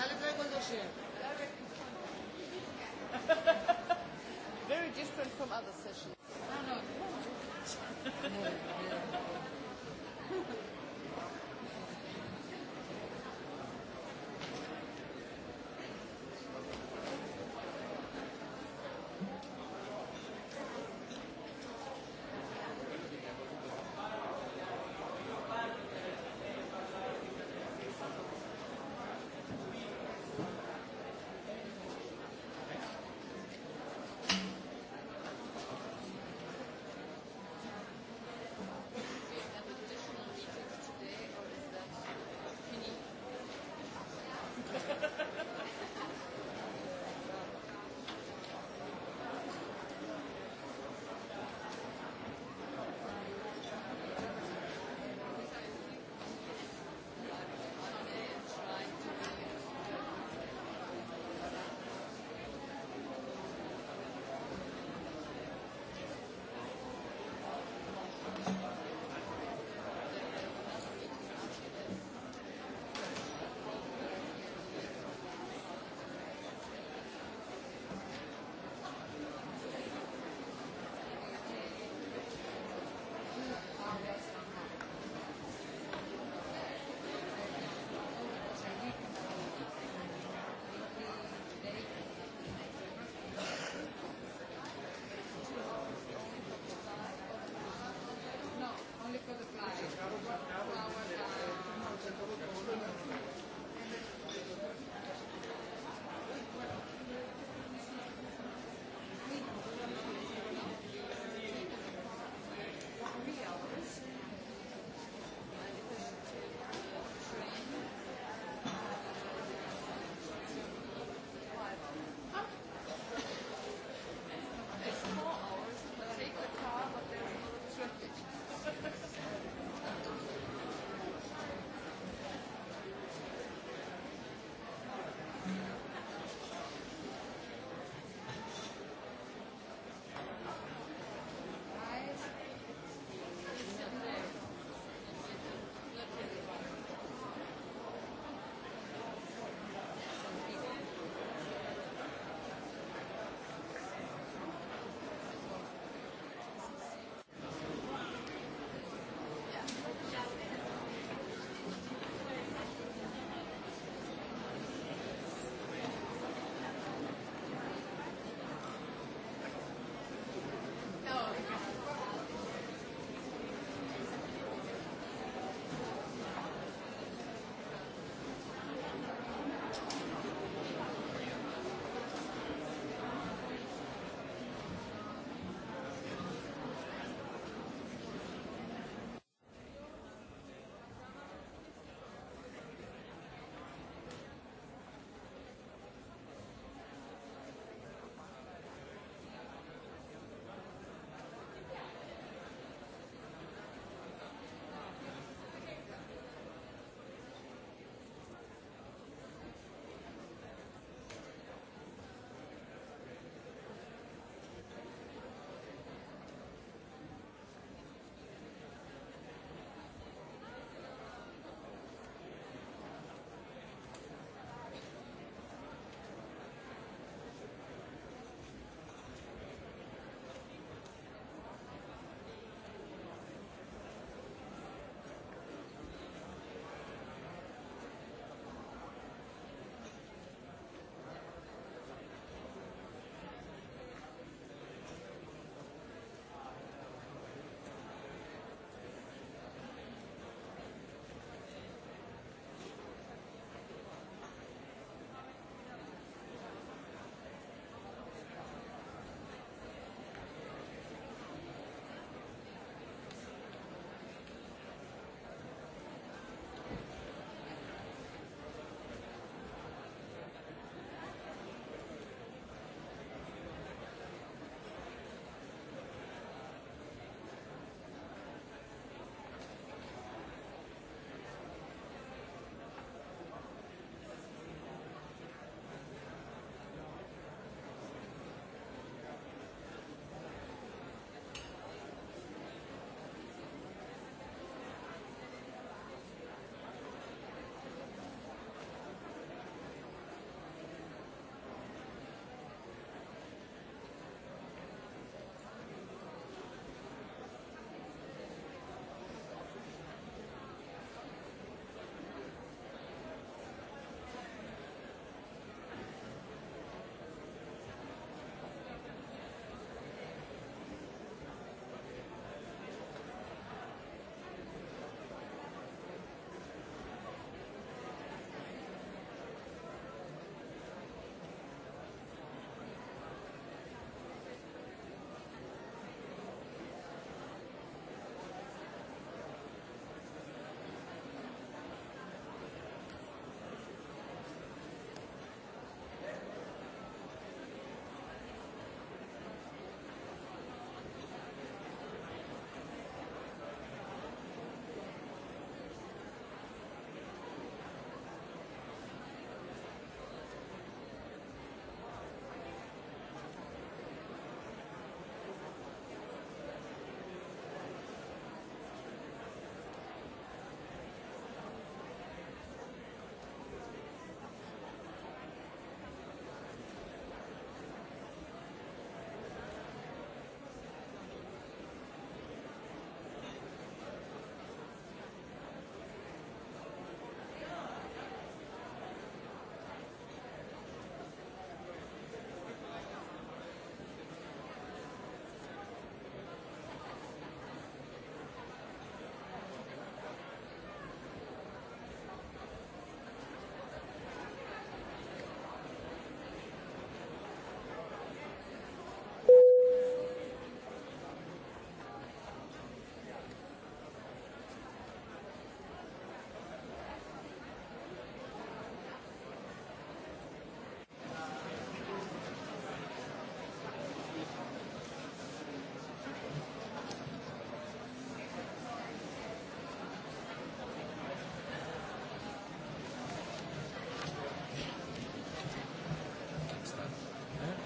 Very different from other sessions. no.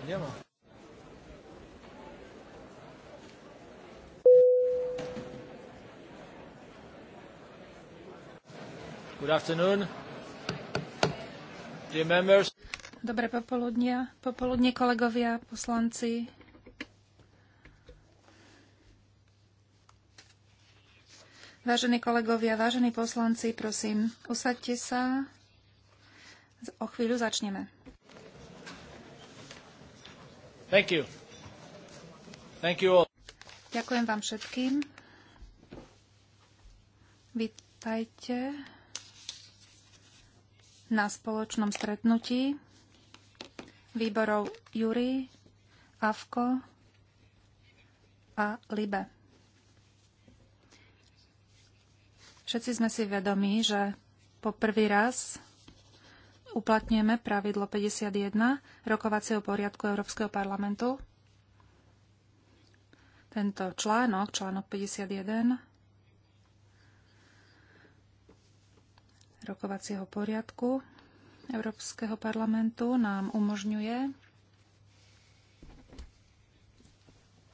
Dobre Good afternoon. Dear members. Dobré popoludnia, popoludne kolegovia, poslanci. Vážení kolegovia, vážení poslanci, prosím, usaďte sa. O chvíľu začneme. Thank you. Thank you all. Ďakujem vám všetkým. Vítajte na spoločnom stretnutí výborov Jury, Avko a Libe. Všetci sme si vedomí, že po prvý raz uplatňujeme pravidlo 51 rokovacieho poriadku Európskeho parlamentu. Tento článok, článok 51 rokovacieho poriadku Európskeho parlamentu nám umožňuje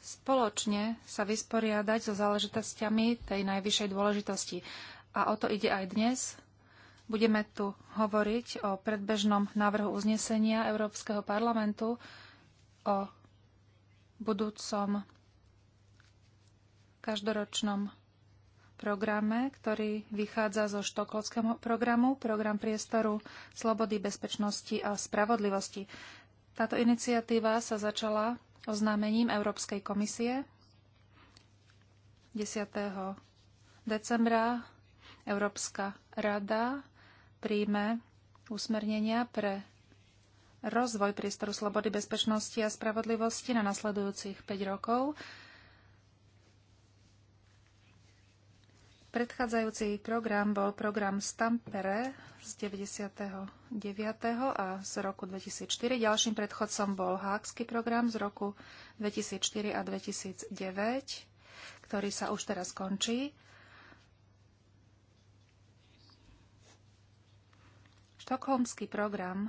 spoločne sa vysporiadať so záležitostiami tej najvyššej dôležitosti. A o to ide aj dnes Budeme tu hovoriť o predbežnom návrhu uznesenia Európskeho parlamentu o budúcom každoročnom programe, ktorý vychádza zo štokholského programu, program priestoru slobody, bezpečnosti a spravodlivosti. Táto iniciatíva sa začala oznámením Európskej komisie 10. decembra Európska rada príjme usmernenia pre rozvoj priestoru slobody, bezpečnosti a spravodlivosti na nasledujúcich 5 rokov. Predchádzajúci program bol program Stampere z 99. a z roku 2004. Ďalším predchodcom bol Hákský program z roku 2004 a 2009, ktorý sa už teraz končí. Štokholmský program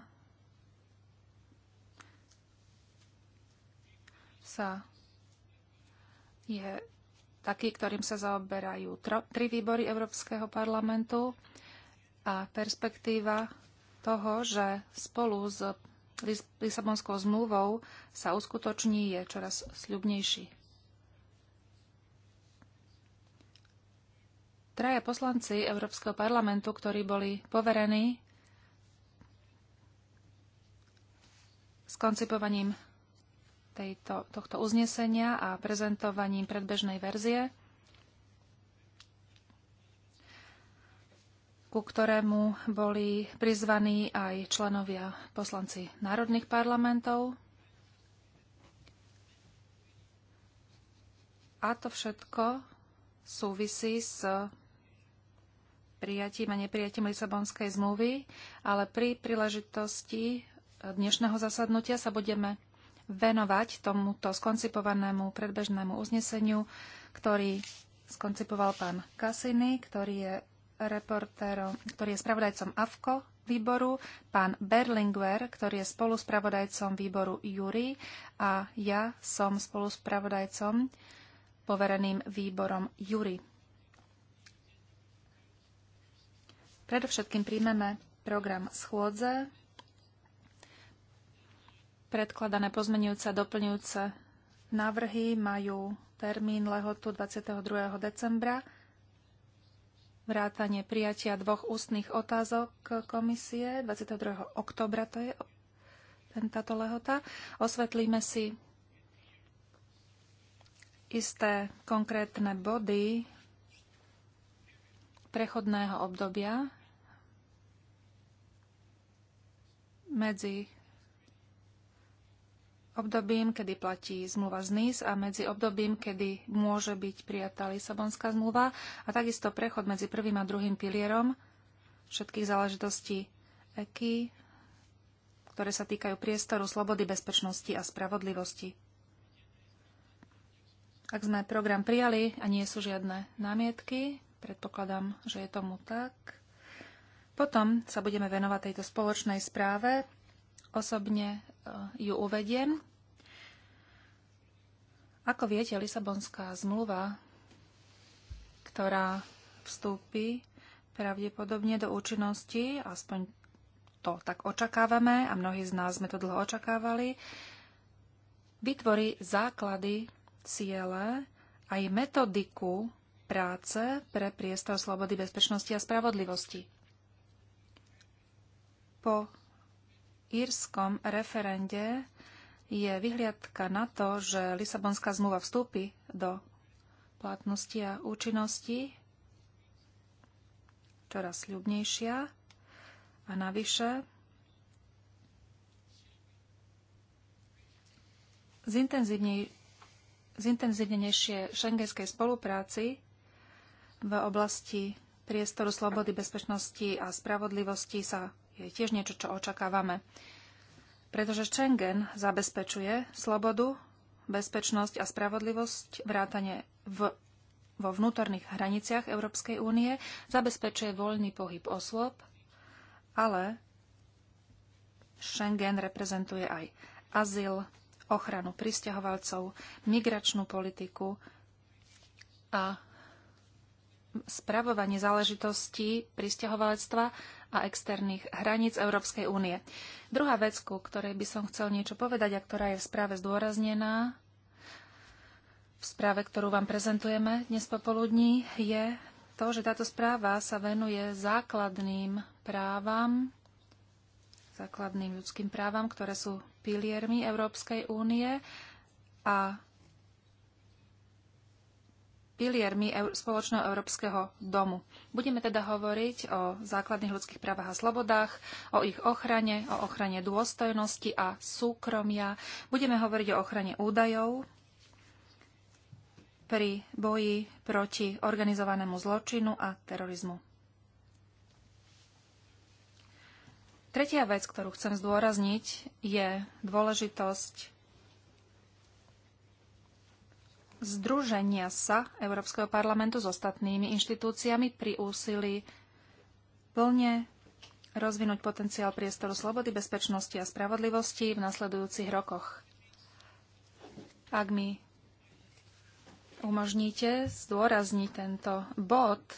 sa je taký, ktorým sa zaoberajú tri výbory Európskeho parlamentu a perspektíva toho, že spolu s Lisabonskou zmluvou sa uskutoční, je čoraz sľubnejší. Traja poslanci Európskeho parlamentu, ktorí boli poverení s koncipovaním tejto, tohto uznesenia a prezentovaním predbežnej verzie, ku ktorému boli prizvaní aj členovia poslanci národných parlamentov. A to všetko súvisí s prijatím a neprijatím Lisabonskej zmluvy, ale pri príležitosti dnešného zasadnutia sa budeme venovať tomuto skoncipovanému predbežnému uzneseniu, ktorý skoncipoval pán Kasiny, ktorý je reportérom, ktorý je spravodajcom AFKO výboru, pán Berlinguer, ktorý je spoluspravodajcom výboru Jury a ja som spoluspravodajcom povereným výborom Jury. Predovšetkým príjmeme program schôdze, Predkladané pozmenujúce a doplňujúce návrhy majú termín lehotu 22. decembra, vrátanie prijatia dvoch ústnych otázok komisie 22. oktobra, to je táto lehota. Osvetlíme si isté konkrétne body prechodného obdobia medzi obdobím, kedy platí zmluva z NIS a medzi obdobím, kedy môže byť prijatá Lisabonská zmluva a takisto prechod medzi prvým a druhým pilierom všetkých záležitostí EKI, ktoré sa týkajú priestoru, slobody, bezpečnosti a spravodlivosti. Ak sme program prijali a nie sú žiadne námietky, predpokladám, že je tomu tak, potom sa budeme venovať tejto spoločnej správe. Osobne E, ju uvediem. Ako viete, Lisabonská zmluva, ktorá vstúpi pravdepodobne do účinnosti, aspoň to tak očakávame a mnohí z nás sme to dlho očakávali, vytvorí základy, ciele aj metodiku práce pre priestor slobody, bezpečnosti a spravodlivosti. Po írskom referende je vyhliadka na to, že Lisabonská zmluva vstúpi do platnosti a účinnosti čoraz ľubnejšia a navyše zintenzívnenejšie šengenskej spolupráci v oblasti priestoru slobody, bezpečnosti a spravodlivosti sa je tiež niečo, čo očakávame. Pretože Schengen zabezpečuje slobodu, bezpečnosť a spravodlivosť, vrátane v, vo vnútorných hraniciach Európskej únie, zabezpečuje voľný pohyb osôb, ale Schengen reprezentuje aj azyl, ochranu pristahovalcov, migračnú politiku a spravovanie záležitostí pristahovalectva a externých hraníc Európskej únie. Druhá vec, ku ktorej by som chcel niečo povedať a ktorá je v správe zdôraznená, v správe, ktorú vám prezentujeme dnes popoludní, je to, že táto správa sa venuje základným právam, základným ľudským právam, ktoré sú piliermi Európskej únie a piliermi spoločného európskeho domu. Budeme teda hovoriť o základných ľudských právach a slobodách, o ich ochrane, o ochrane dôstojnosti a súkromia. Budeme hovoriť o ochrane údajov pri boji proti organizovanému zločinu a terorizmu. Tretia vec, ktorú chcem zdôrazniť, je dôležitosť združenia sa Európskeho parlamentu s ostatnými inštitúciami pri úsilí plne rozvinúť potenciál priestoru slobody, bezpečnosti a spravodlivosti v nasledujúcich rokoch. Ak mi umožníte zdôrazniť tento bod, e,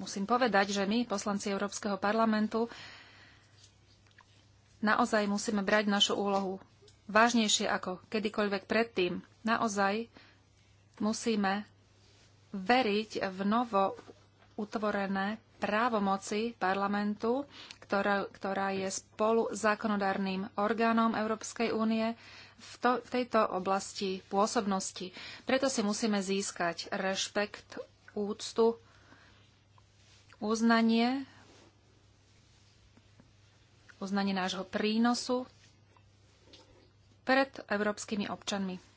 musím povedať, že my, poslanci Európskeho parlamentu, naozaj musíme brať našu úlohu vážnejšie ako kedykoľvek predtým. Naozaj Musíme veriť v novo utvorené právomoci parlamentu, ktorá, ktorá je spolu zákonodárnym orgánom Európskej únie v, to, v tejto oblasti pôsobnosti. Preto si musíme získať rešpekt, úctu, uznanie, uznanie nášho prínosu pred európskymi občanmi.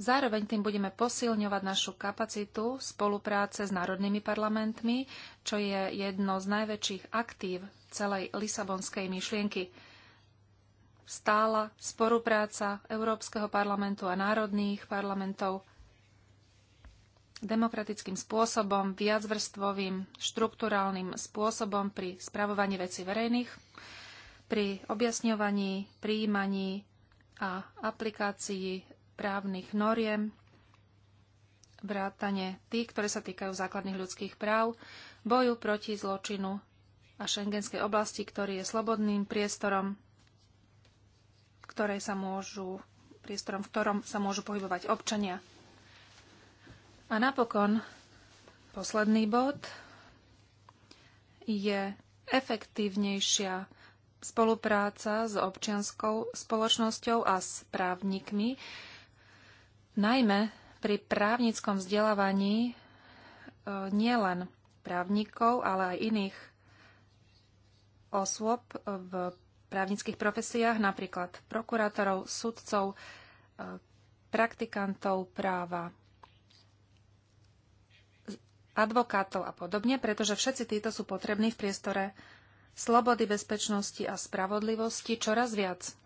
Zároveň tým budeme posilňovať našu kapacitu spolupráce s národnými parlamentmi, čo je jedno z najväčších aktív celej lisabonskej myšlienky. Stála spolupráca Európskeho parlamentu a národných parlamentov demokratickým spôsobom, viacvrstvovým, štruktúrálnym spôsobom pri spravovaní veci verejných, pri objasňovaní, príjmaní a aplikácii právnych noriem, vrátane tých, ktoré sa týkajú základných ľudských práv, boju proti zločinu a šengenskej oblasti, ktorý je slobodným priestorom, ktorej sa môžu, priestorom, v ktorom sa môžu pohybovať občania. A napokon posledný bod je efektívnejšia spolupráca s občianskou spoločnosťou a s právnikmi, najmä pri právnickom vzdelávaní e, nielen právnikov, ale aj iných osôb v právnických profesiách, napríklad prokurátorov, sudcov, e, praktikantov práva, advokátov a podobne, pretože všetci títo sú potrební v priestore slobody, bezpečnosti a spravodlivosti čoraz viac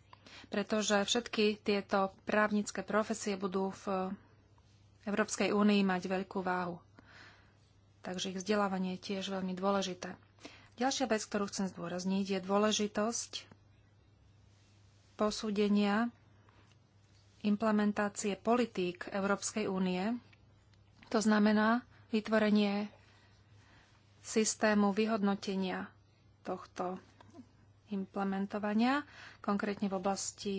pretože všetky tieto právnické profesie budú v Európskej únii mať veľkú váhu. Takže ich vzdelávanie je tiež veľmi dôležité. Ďalšia vec, ktorú chcem zdôrazniť, je dôležitosť posúdenia implementácie politík Európskej únie. To znamená vytvorenie systému vyhodnotenia tohto implementovania, konkrétne v oblasti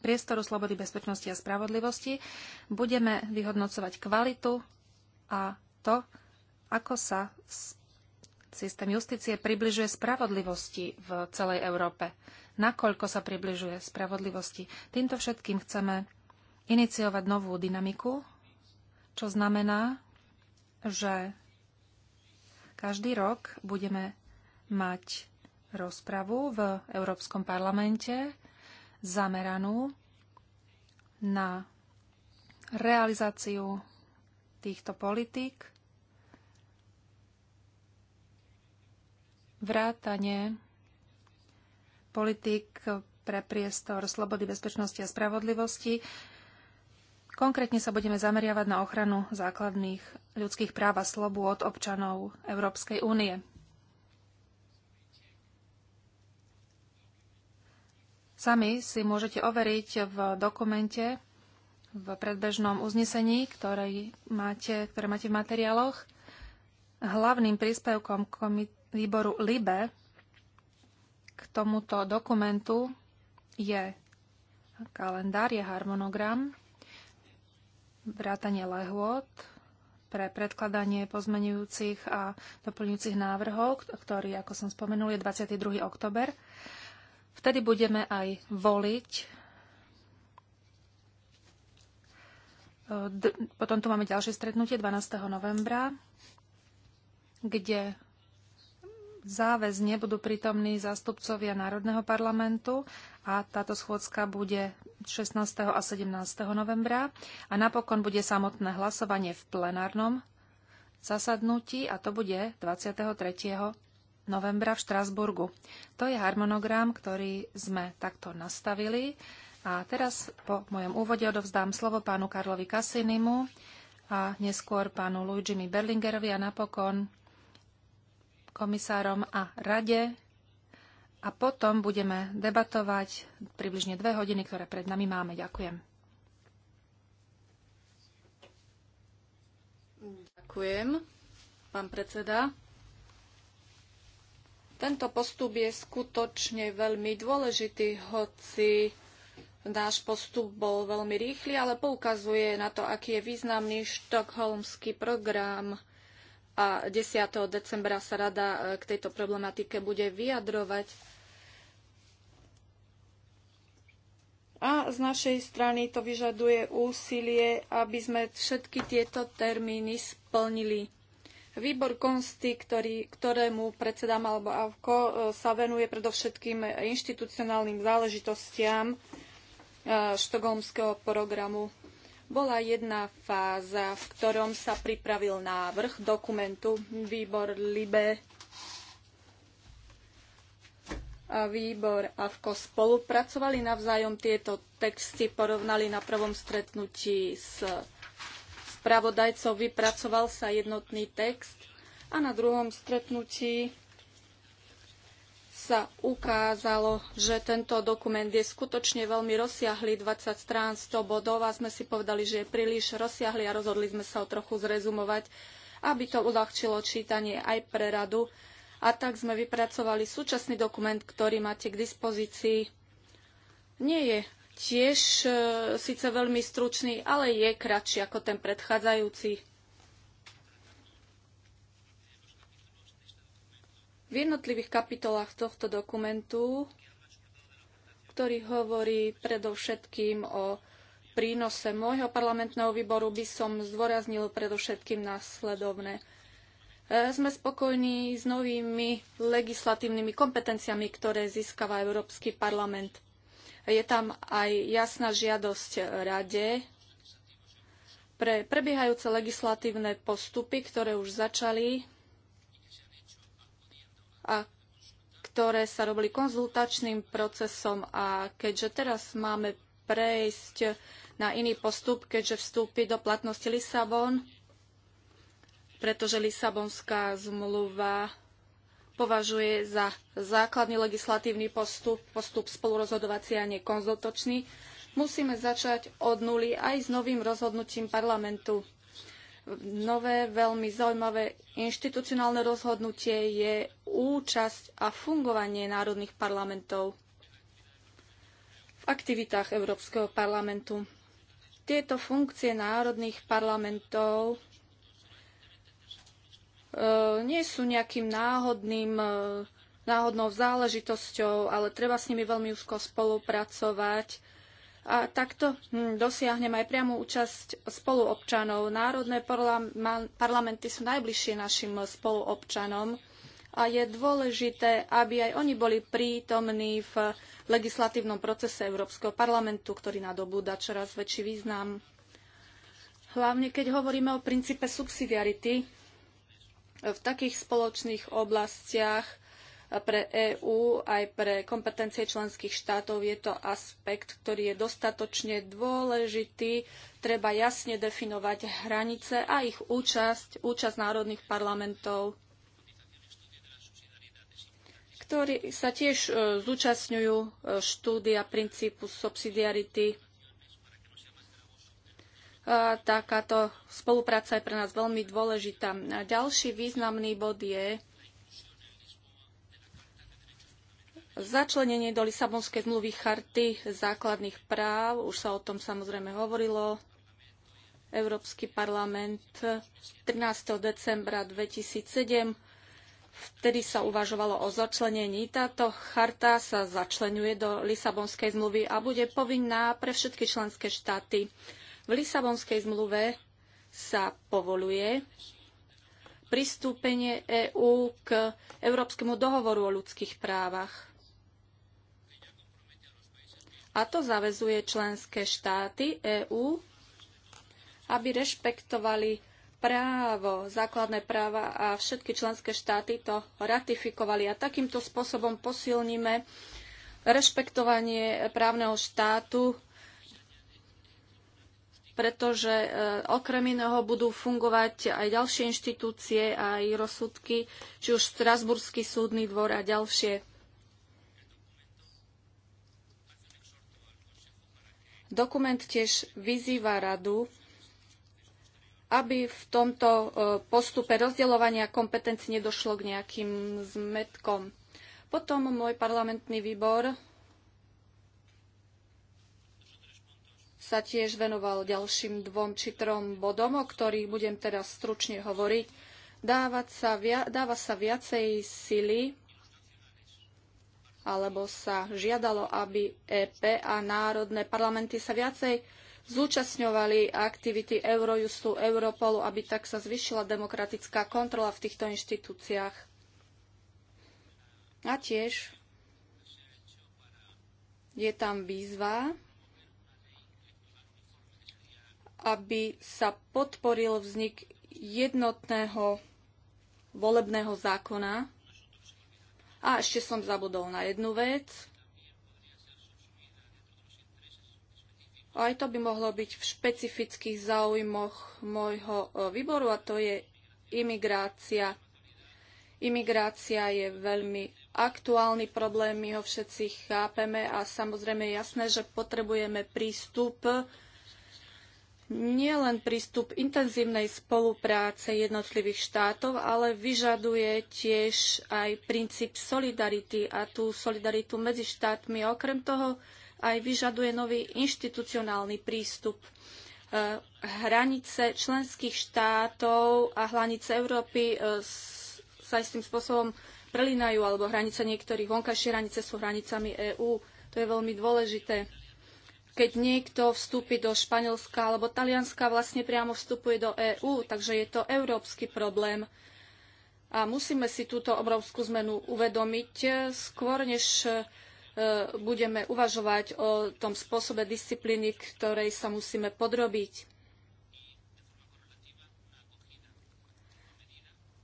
priestoru slobody, bezpečnosti a spravodlivosti. Budeme vyhodnocovať kvalitu a to, ako sa systém justície približuje spravodlivosti v celej Európe. Nakoľko sa približuje spravodlivosti. Týmto všetkým chceme iniciovať novú dynamiku, čo znamená, že každý rok budeme mať rozpravu v Európskom parlamente zameranú na realizáciu týchto politík, vrátanie politík pre priestor slobody, bezpečnosti a spravodlivosti. Konkrétne sa budeme zameriavať na ochranu základných ľudských práv a slobôd občanov Európskej únie. Sami si môžete overiť v dokumente, v predbežnom uznesení, ktoré máte, ktoré máte v materiáloch. Hlavným príspevkom výboru LIBE k tomuto dokumentu je kalendár, je harmonogram, vrátanie lehôd pre predkladanie pozmenujúcich a doplňujúcich návrhov, ktorý, ako som spomenul, je 22. oktober. Vtedy budeme aj voliť. Potom tu máme ďalšie stretnutie 12. novembra, kde záväzne budú prítomní zástupcovia Národného parlamentu a táto schôdzka bude 16. a 17. novembra a napokon bude samotné hlasovanie v plenárnom zasadnutí a to bude 23 novembra v Štrásburgu. To je harmonogram, ktorý sme takto nastavili. A teraz po mojom úvode odovzdám slovo pánu Karlovi Kasinimu a neskôr pánu Luigimi Berlingerovi a napokon komisárom a rade. A potom budeme debatovať približne dve hodiny, ktoré pred nami máme. Ďakujem. Ďakujem, pán predseda. Tento postup je skutočne veľmi dôležitý, hoci náš postup bol veľmi rýchly, ale poukazuje na to, aký je významný štokholmský program a 10. decembra sa rada e, k tejto problematike bude vyjadrovať. A z našej strany to vyžaduje úsilie, aby sme všetky tieto termíny splnili. Výbor Konsty, ktorý, ktorému predsedám alebo AVKO, e, sa venuje predovšetkým inštitucionálnym záležitostiam e, štokholmského programu. Bola jedna fáza, v ktorom sa pripravil návrh dokumentu Výbor Libe a Výbor AVKO spolupracovali navzájom tieto texty, porovnali na prvom stretnutí s spravodajcov vypracoval sa jednotný text a na druhom stretnutí sa ukázalo, že tento dokument je skutočne veľmi rozsiahly, 20 strán, 100 bodov a sme si povedali, že je príliš rozsiahly a rozhodli sme sa ho trochu zrezumovať, aby to uľahčilo čítanie aj pre radu. A tak sme vypracovali súčasný dokument, ktorý máte k dispozícii. Nie je tiež e, síce veľmi stručný, ale je kratší ako ten predchádzajúci. V jednotlivých kapitolách tohto dokumentu, ktorý hovorí predovšetkým o prínose môjho parlamentného výboru, by som zdôraznil predovšetkým následovné. E, sme spokojní s novými legislatívnymi kompetenciami, ktoré získava Európsky parlament. Je tam aj jasná žiadosť rade pre prebiehajúce legislatívne postupy, ktoré už začali a ktoré sa robili konzultačným procesom a keďže teraz máme prejsť na iný postup, keďže vstúpi do platnosti Lisabon, pretože Lisabonská zmluva považuje za základný legislatívny postup, postup spolurozhodovací a nekonzultočný, musíme začať od nuly aj s novým rozhodnutím parlamentu. Nové, veľmi zaujímavé inštitucionálne rozhodnutie je účasť a fungovanie národných parlamentov v aktivitách Európskeho parlamentu. Tieto funkcie národných parlamentov E, nie sú nejakým náhodným, e, náhodnou záležitosťou, ale treba s nimi veľmi úzko spolupracovať. A takto hm, dosiahnem aj priamu účasť spoluobčanov. Národné parlamenty sú najbližšie našim spoluobčanom a je dôležité, aby aj oni boli prítomní v legislatívnom procese Európskeho parlamentu, ktorý nadobúda čoraz väčší význam. Hlavne keď hovoríme o princípe subsidiarity, v takých spoločných oblastiach pre EÚ aj pre kompetencie členských štátov je to aspekt, ktorý je dostatočne dôležitý. Treba jasne definovať hranice a ich účasť, účasť národných parlamentov ktorí sa tiež e, zúčastňujú e, štúdia princípu subsidiarity takáto spolupráca je pre nás veľmi dôležitá. A ďalší významný bod je začlenenie do Lisabonskej zmluvy charty základných práv. Už sa o tom samozrejme hovorilo. Európsky parlament 13. decembra 2007. Vtedy sa uvažovalo o začlenení. Táto charta sa začlenuje do Lisabonskej zmluvy a bude povinná pre všetky členské štáty. V Lisabonskej zmluve sa povoluje pristúpenie EÚ k Európskemu dohovoru o ľudských právach. A to zavezuje členské štáty EÚ, aby rešpektovali právo, základné práva a všetky členské štáty to ratifikovali. A takýmto spôsobom posilníme rešpektovanie právneho štátu pretože e, okrem iného budú fungovať aj ďalšie inštitúcie, aj rozsudky, či už Strasburský súdny dvor a ďalšie. Dokument tiež vyzýva radu, aby v tomto e, postupe rozdeľovania kompetencií nedošlo k nejakým zmetkom. Potom môj parlamentný výbor sa tiež venoval ďalším dvom či trom bodom, o ktorých budem teraz stručne hovoriť. Dávať sa via, dáva sa viacej sily, alebo sa žiadalo, aby EP a národné parlamenty sa viacej zúčastňovali aktivity Eurojustu, Europolu, aby tak sa zvyšila demokratická kontrola v týchto inštitúciách. A tiež je tam výzva aby sa podporil vznik jednotného volebného zákona. A ešte som zabudol na jednu vec. Aj to by mohlo byť v špecifických záujmoch môjho e, výboru a to je imigrácia. Imigrácia je veľmi aktuálny problém, my ho všetci chápeme a samozrejme je jasné, že potrebujeme prístup nielen prístup intenzívnej spolupráce jednotlivých štátov, ale vyžaduje tiež aj princíp solidarity a tú solidaritu medzi štátmi. Okrem toho aj vyžaduje nový inštitucionálny prístup. E, hranice členských štátov a hranice Európy e, sa istým spôsobom prelínajú, alebo hranice niektorých vonkajšie hranice sú hranicami EÚ. To je veľmi dôležité keď niekto vstúpi do Španielska alebo Talianska, vlastne priamo vstupuje do EÚ, takže je to európsky problém. A musíme si túto obrovskú zmenu uvedomiť skôr, než e, budeme uvažovať o tom spôsobe disciplíny, ktorej sa musíme podrobiť.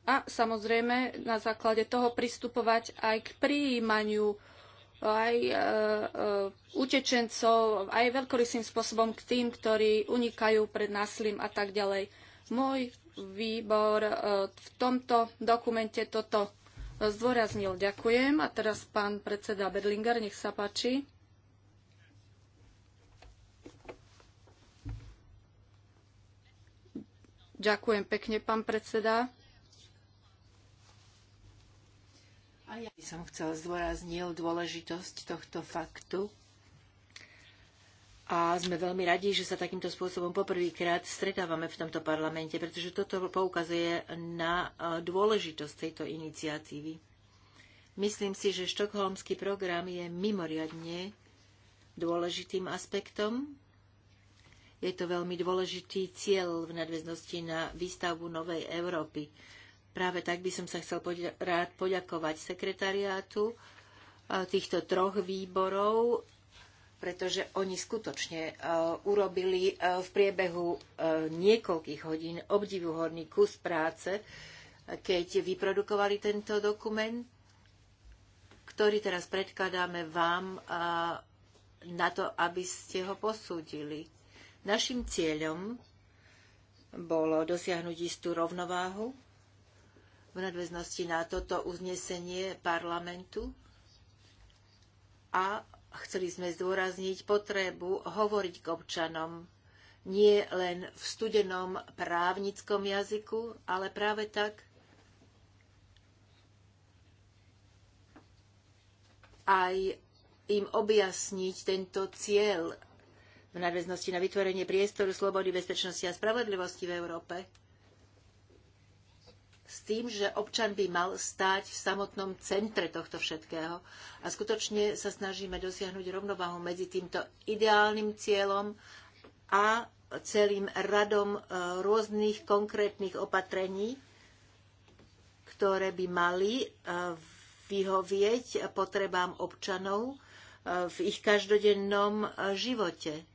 A samozrejme na základe toho pristupovať aj k prijímaniu aj e, e, utečencov, aj veľkorysým spôsobom k tým, ktorí unikajú pred násilím a tak ďalej. Môj výbor e, v tomto dokumente toto e, zdôraznil. Ďakujem. A teraz pán predseda Berlinger, nech sa páči. Ďakujem pekne, pán predseda. A ja by som chcel zdôraznil dôležitosť tohto faktu. A sme veľmi radi, že sa takýmto spôsobom poprvýkrát stretávame v tomto parlamente, pretože toto poukazuje na e, dôležitosť tejto iniciatívy. Myslím si, že štokholmský program je mimoriadne dôležitým aspektom. Je to veľmi dôležitý cieľ v nadväznosti na výstavbu novej Európy. Práve tak by som sa chcel rád poďakovať sekretariátu e, týchto troch výborov, pretože oni skutočne e, urobili e, v priebehu niekoľkých hodín obdivuhodný kus práce, keď vyprodukovali tento dokument, ktorý teraz predkladáme vám na to, aby ste ho posúdili. Našim cieľom bolo dosiahnuť istú rovnováhu v nadväznosti na toto uznesenie parlamentu a chceli sme zdôrazniť potrebu hovoriť k občanom nie len v studenom právnickom jazyku, ale práve tak aj im objasniť tento cieľ v nadväznosti na vytvorenie priestoru slobody, bezpečnosti a spravodlivosti v Európe s tým, že občan by mal stáť v samotnom centre tohto všetkého. A skutočne sa snažíme dosiahnuť rovnováhu medzi týmto ideálnym cieľom a celým radom e, rôznych konkrétnych opatrení, ktoré by mali e, vyhovieť potrebám občanov e, v ich každodennom živote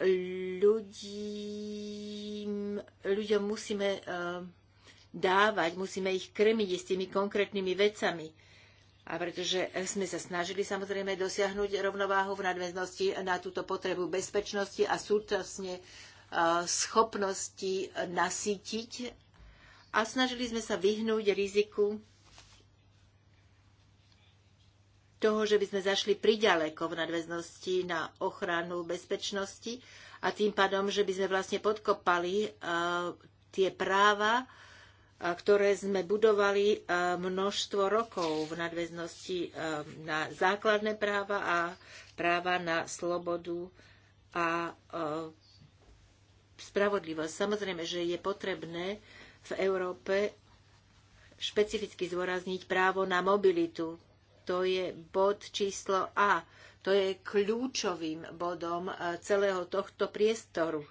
ľudí, ľuďom musíme eh, dávať, musíme ich krmiť s tými konkrétnymi vecami. A pretože sme sa snažili samozrejme dosiahnuť rovnováhu v nadväznosti na túto potrebu bezpečnosti a súčasne eh, schopnosti nasýtiť a snažili sme sa vyhnúť riziku toho, že by sme zašli priďaleko v nadväznosti na ochranu bezpečnosti a tým pádom, že by sme vlastne podkopali e, tie práva, e, ktoré sme budovali e, množstvo rokov v nadväznosti na základné práva a práva na slobodu a spravodlivosť. Samozrejme, že je potrebné v Európe špecificky zdôrazniť právo na mobilitu, to je bod číslo A. To je kľúčovým bodom e, celého tohto priestoru.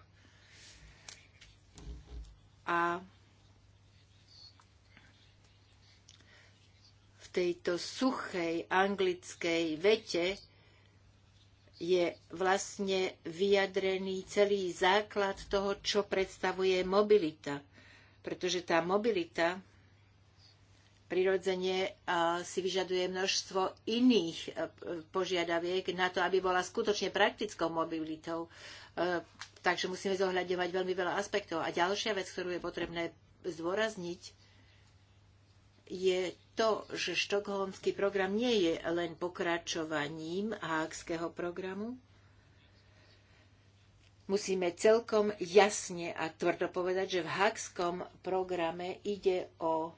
A v tejto suchej anglickej vete je vlastne vyjadrený celý základ toho, čo predstavuje mobilita. Pretože tá mobilita prirodzene si vyžaduje množstvo iných e, požiadaviek na to, aby bola skutočne praktickou mobilitou. E, takže musíme zohľadňovať veľmi veľa aspektov. A ďalšia vec, ktorú je potrebné zdôrazniť, je to, že štokholmský program nie je len pokračovaním hákského programu. Musíme celkom jasne a tvrdo povedať, že v hákskom programe ide o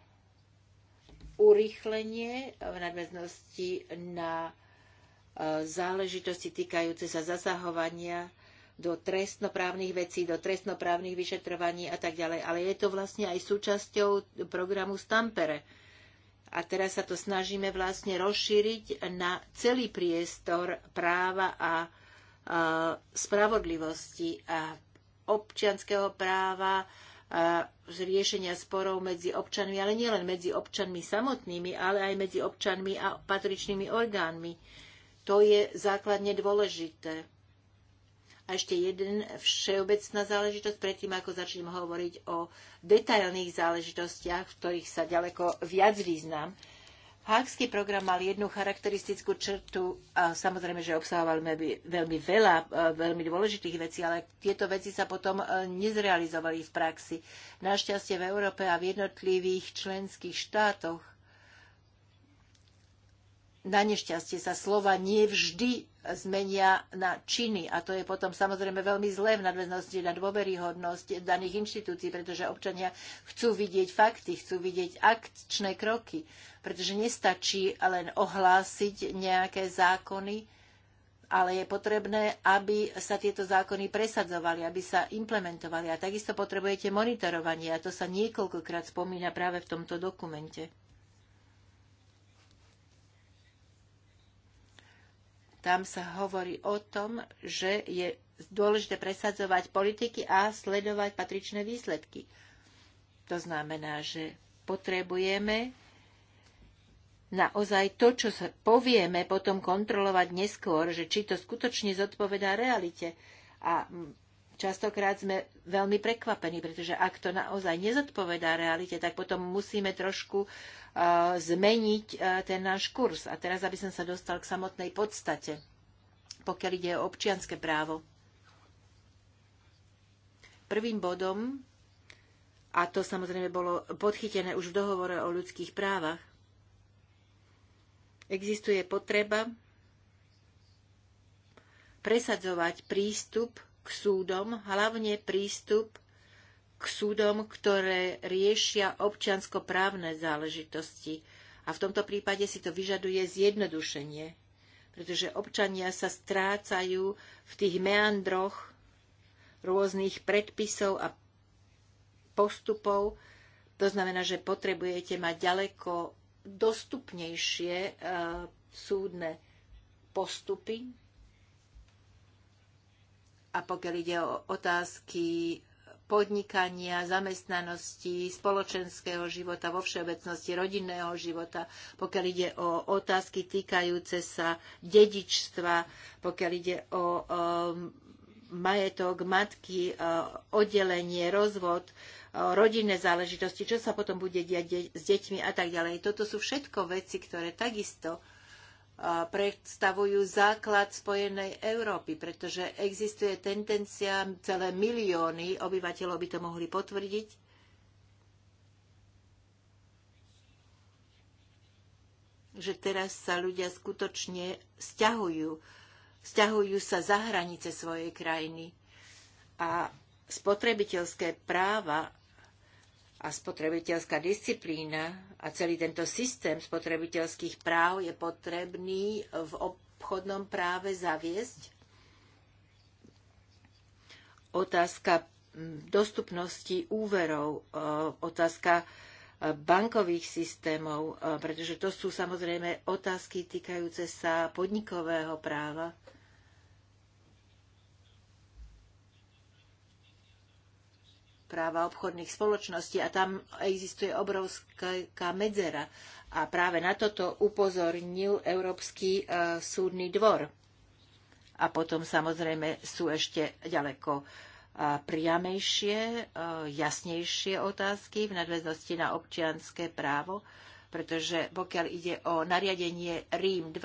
urýchlenie v nadväznosti na e, záležitosti týkajúce sa zasahovania do trestnoprávnych vecí, do trestnoprávnych vyšetrovaní a tak ďalej. Ale je to vlastne aj súčasťou programu Stampere. A teraz sa to snažíme vlastne rozšíriť na celý priestor práva a, e, spravodlivosti a občianského práva, z riešenia sporov medzi občanmi, ale nielen medzi občanmi samotnými, ale aj medzi občanmi a patričnými orgánmi. To je základne dôležité. A ešte jeden všeobecná záležitosť, predtým ako začnem hovoriť o detailných záležitostiach, v ktorých sa ďaleko viac význam. Haagský program mal jednu charakteristickú črtu a samozrejme, že obsahoval veľmi veľa e, veľmi dôležitých vecí, ale tieto veci sa potom e, nezrealizovali v praxi. Našťastie v Európe a v jednotlivých členských štátoch na nešťastie sa slova nevždy zmenia na činy a to je potom samozrejme veľmi zlé v nadväznosti na dôveryhodnosť daných inštitúcií, pretože občania chcú vidieť fakty, chcú vidieť akčné kroky, pretože nestačí len ohlásiť nejaké zákony, ale je potrebné, aby sa tieto zákony presadzovali, aby sa implementovali. A takisto potrebujete monitorovanie a to sa niekoľkokrát spomína práve v tomto dokumente. Tam sa hovorí o tom, že je dôležité presadzovať politiky a sledovať patričné výsledky. To znamená, že potrebujeme naozaj to, čo sa povieme, potom kontrolovať neskôr, že či to skutočne zodpovedá realite. A častokrát sme veľmi prekvapení, pretože ak to naozaj nezodpovedá realite, tak potom musíme trošku uh, zmeniť uh, ten náš kurz. A teraz, aby som sa dostal k samotnej podstate, pokiaľ ide o občianské právo. Prvým bodom, a to samozrejme bolo podchytené už v dohovore o ľudských právach, existuje potreba presadzovať prístup k súdom, hlavne prístup k súdom, ktoré riešia občiansko právne záležitosti. A v tomto prípade si to vyžaduje zjednodušenie, pretože občania sa strácajú v tých meandroch rôznych predpisov a postupov. To znamená, že potrebujete mať ďaleko dostupnejšie eh, súdne postupy, a pokiaľ ide o otázky podnikania, zamestnanosti, spoločenského života, vo všeobecnosti rodinného života, pokiaľ ide o otázky týkajúce sa dedičstva, pokiaľ ide o um, majetok, matky, uh, oddelenie, rozvod, uh, rodinné záležitosti, čo sa potom bude diať s deťmi a tak ďalej. Toto sú všetko veci, ktoré takisto predstavujú základ spojenej Európy, pretože existuje tendencia, celé milióny obyvateľov by to mohli potvrdiť, že teraz sa ľudia skutočne sťahujú, sťahujú sa za hranice svojej krajiny. A spotrebiteľské práva a spotrebiteľská disciplína a celý tento systém spotrebiteľských práv je potrebný v obchodnom práve zaviesť. Otázka dostupnosti úverov, e, otázka e, bankových systémov, e, pretože to sú samozrejme otázky týkajúce sa podnikového práva práva obchodných spoločností a tam existuje obrovská medzera. A práve na toto upozornil Európsky e, súdny dvor. A potom samozrejme sú ešte ďaleko e, priamejšie, e, jasnejšie otázky v nadväznosti na občianské právo, pretože pokiaľ ide o nariadenie Rím 2,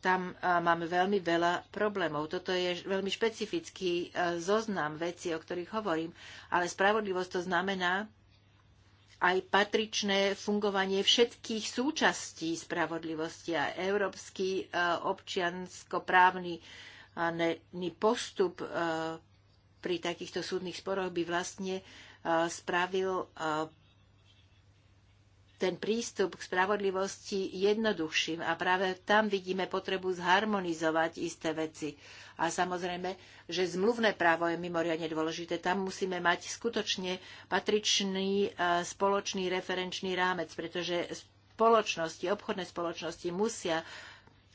tam máme veľmi veľa problémov. Toto je veľmi špecifický e, zoznam vecí, o ktorých hovorím, ale spravodlivosť to znamená aj patričné fungovanie všetkých súčastí spravodlivosti a európsky e, občianskoprávny postup e, pri takýchto súdnych sporoch by vlastne spravil ten prístup k spravodlivosti jednoduchším a práve tam vidíme potrebu zharmonizovať isté veci. A samozrejme, že zmluvné právo je mimoriadne dôležité. Tam musíme mať skutočne patričný e, spoločný referenčný rámec, pretože spoločnosti, obchodné spoločnosti musia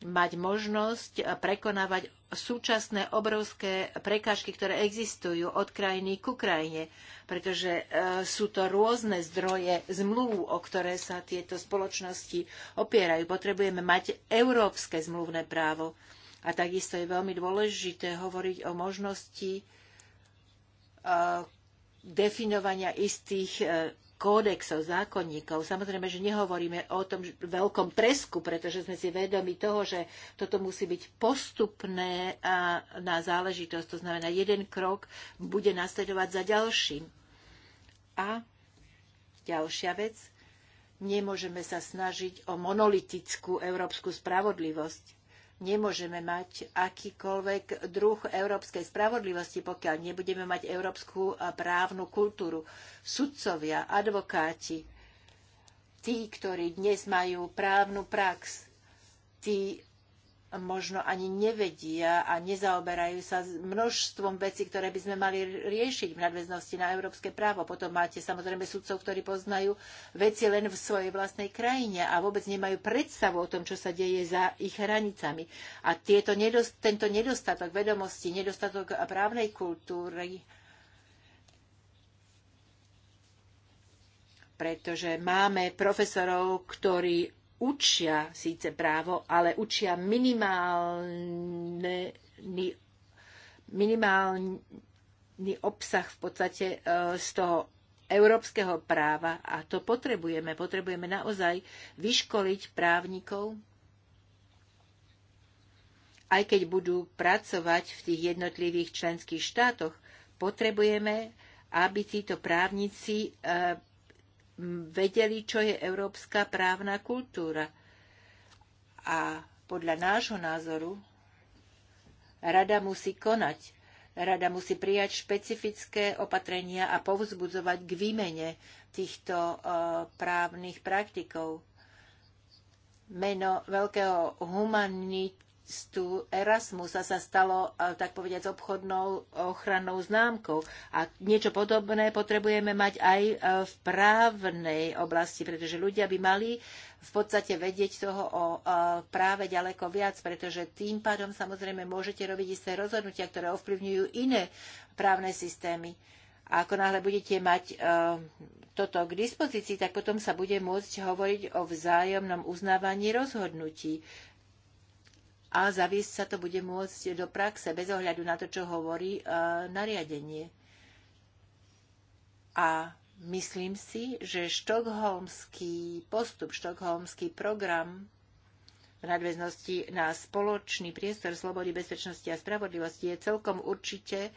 mať možnosť prekonávať súčasné obrovské prekážky, ktoré existujú od krajiny ku krajine, pretože e, sú to rôzne zdroje zmluv, o ktoré sa tieto spoločnosti opierajú. Potrebujeme mať európske zmluvné právo. A takisto je veľmi dôležité hovoriť o možnosti e, definovania istých e, kódexov, zákonníkov. Samozrejme, že nehovoríme o tom veľkom tresku, pretože sme si vedomi toho, že toto musí byť postupné a na záležitosť. To znamená, jeden krok bude nasledovať za ďalším. A ďalšia vec, nemôžeme sa snažiť o monolitickú európsku spravodlivosť. Nemôžeme mať akýkoľvek druh európskej spravodlivosti, pokiaľ nebudeme mať európsku právnu kultúru. Sudcovia, advokáti, tí, ktorí dnes majú právnu prax, tí možno ani nevedia a nezaoberajú sa s množstvom vecí, ktoré by sme mali riešiť v nadväznosti na európske právo. Potom máte samozrejme sudcov, ktorí poznajú veci len v svojej vlastnej krajine a vôbec nemajú predstavu o tom, čo sa deje za ich hranicami. A tieto, tento nedostatok vedomostí, nedostatok právnej kultúry, pretože máme profesorov, ktorí učia síce právo, ale učia minimálny, minimálny obsah v podstate e, z toho európskeho práva a to potrebujeme. Potrebujeme naozaj vyškoliť právnikov, aj keď budú pracovať v tých jednotlivých členských štátoch, potrebujeme, aby títo právnici e, vedeli, čo je európska právna kultúra. A podľa nášho názoru rada musí konať. Rada musí prijať špecifické opatrenia a povzbudzovať k výmene týchto e, právnych praktikov. Meno veľkého humanit listu Erasmusa sa stalo, eh, tak povediať, obchodnou ochrannou známkou. A niečo podobné potrebujeme mať aj eh, v právnej oblasti, pretože ľudia by mali v podstate vedieť toho o eh, práve ďaleko viac, pretože tým pádom samozrejme môžete robiť isté rozhodnutia, ktoré ovplyvňujú iné právne systémy. A ako náhle budete mať toto k dispozícii, tak potom sa bude môcť hovoriť o vzájomnom uznávaní rozhodnutí a zaviesť sa to bude môcť do praxe bez ohľadu na to, čo hovorí e, nariadenie. A myslím si, že štokholmský postup, štokholmský program v nadväznosti na spoločný priestor slobody, bezpečnosti a spravodlivosti je celkom určite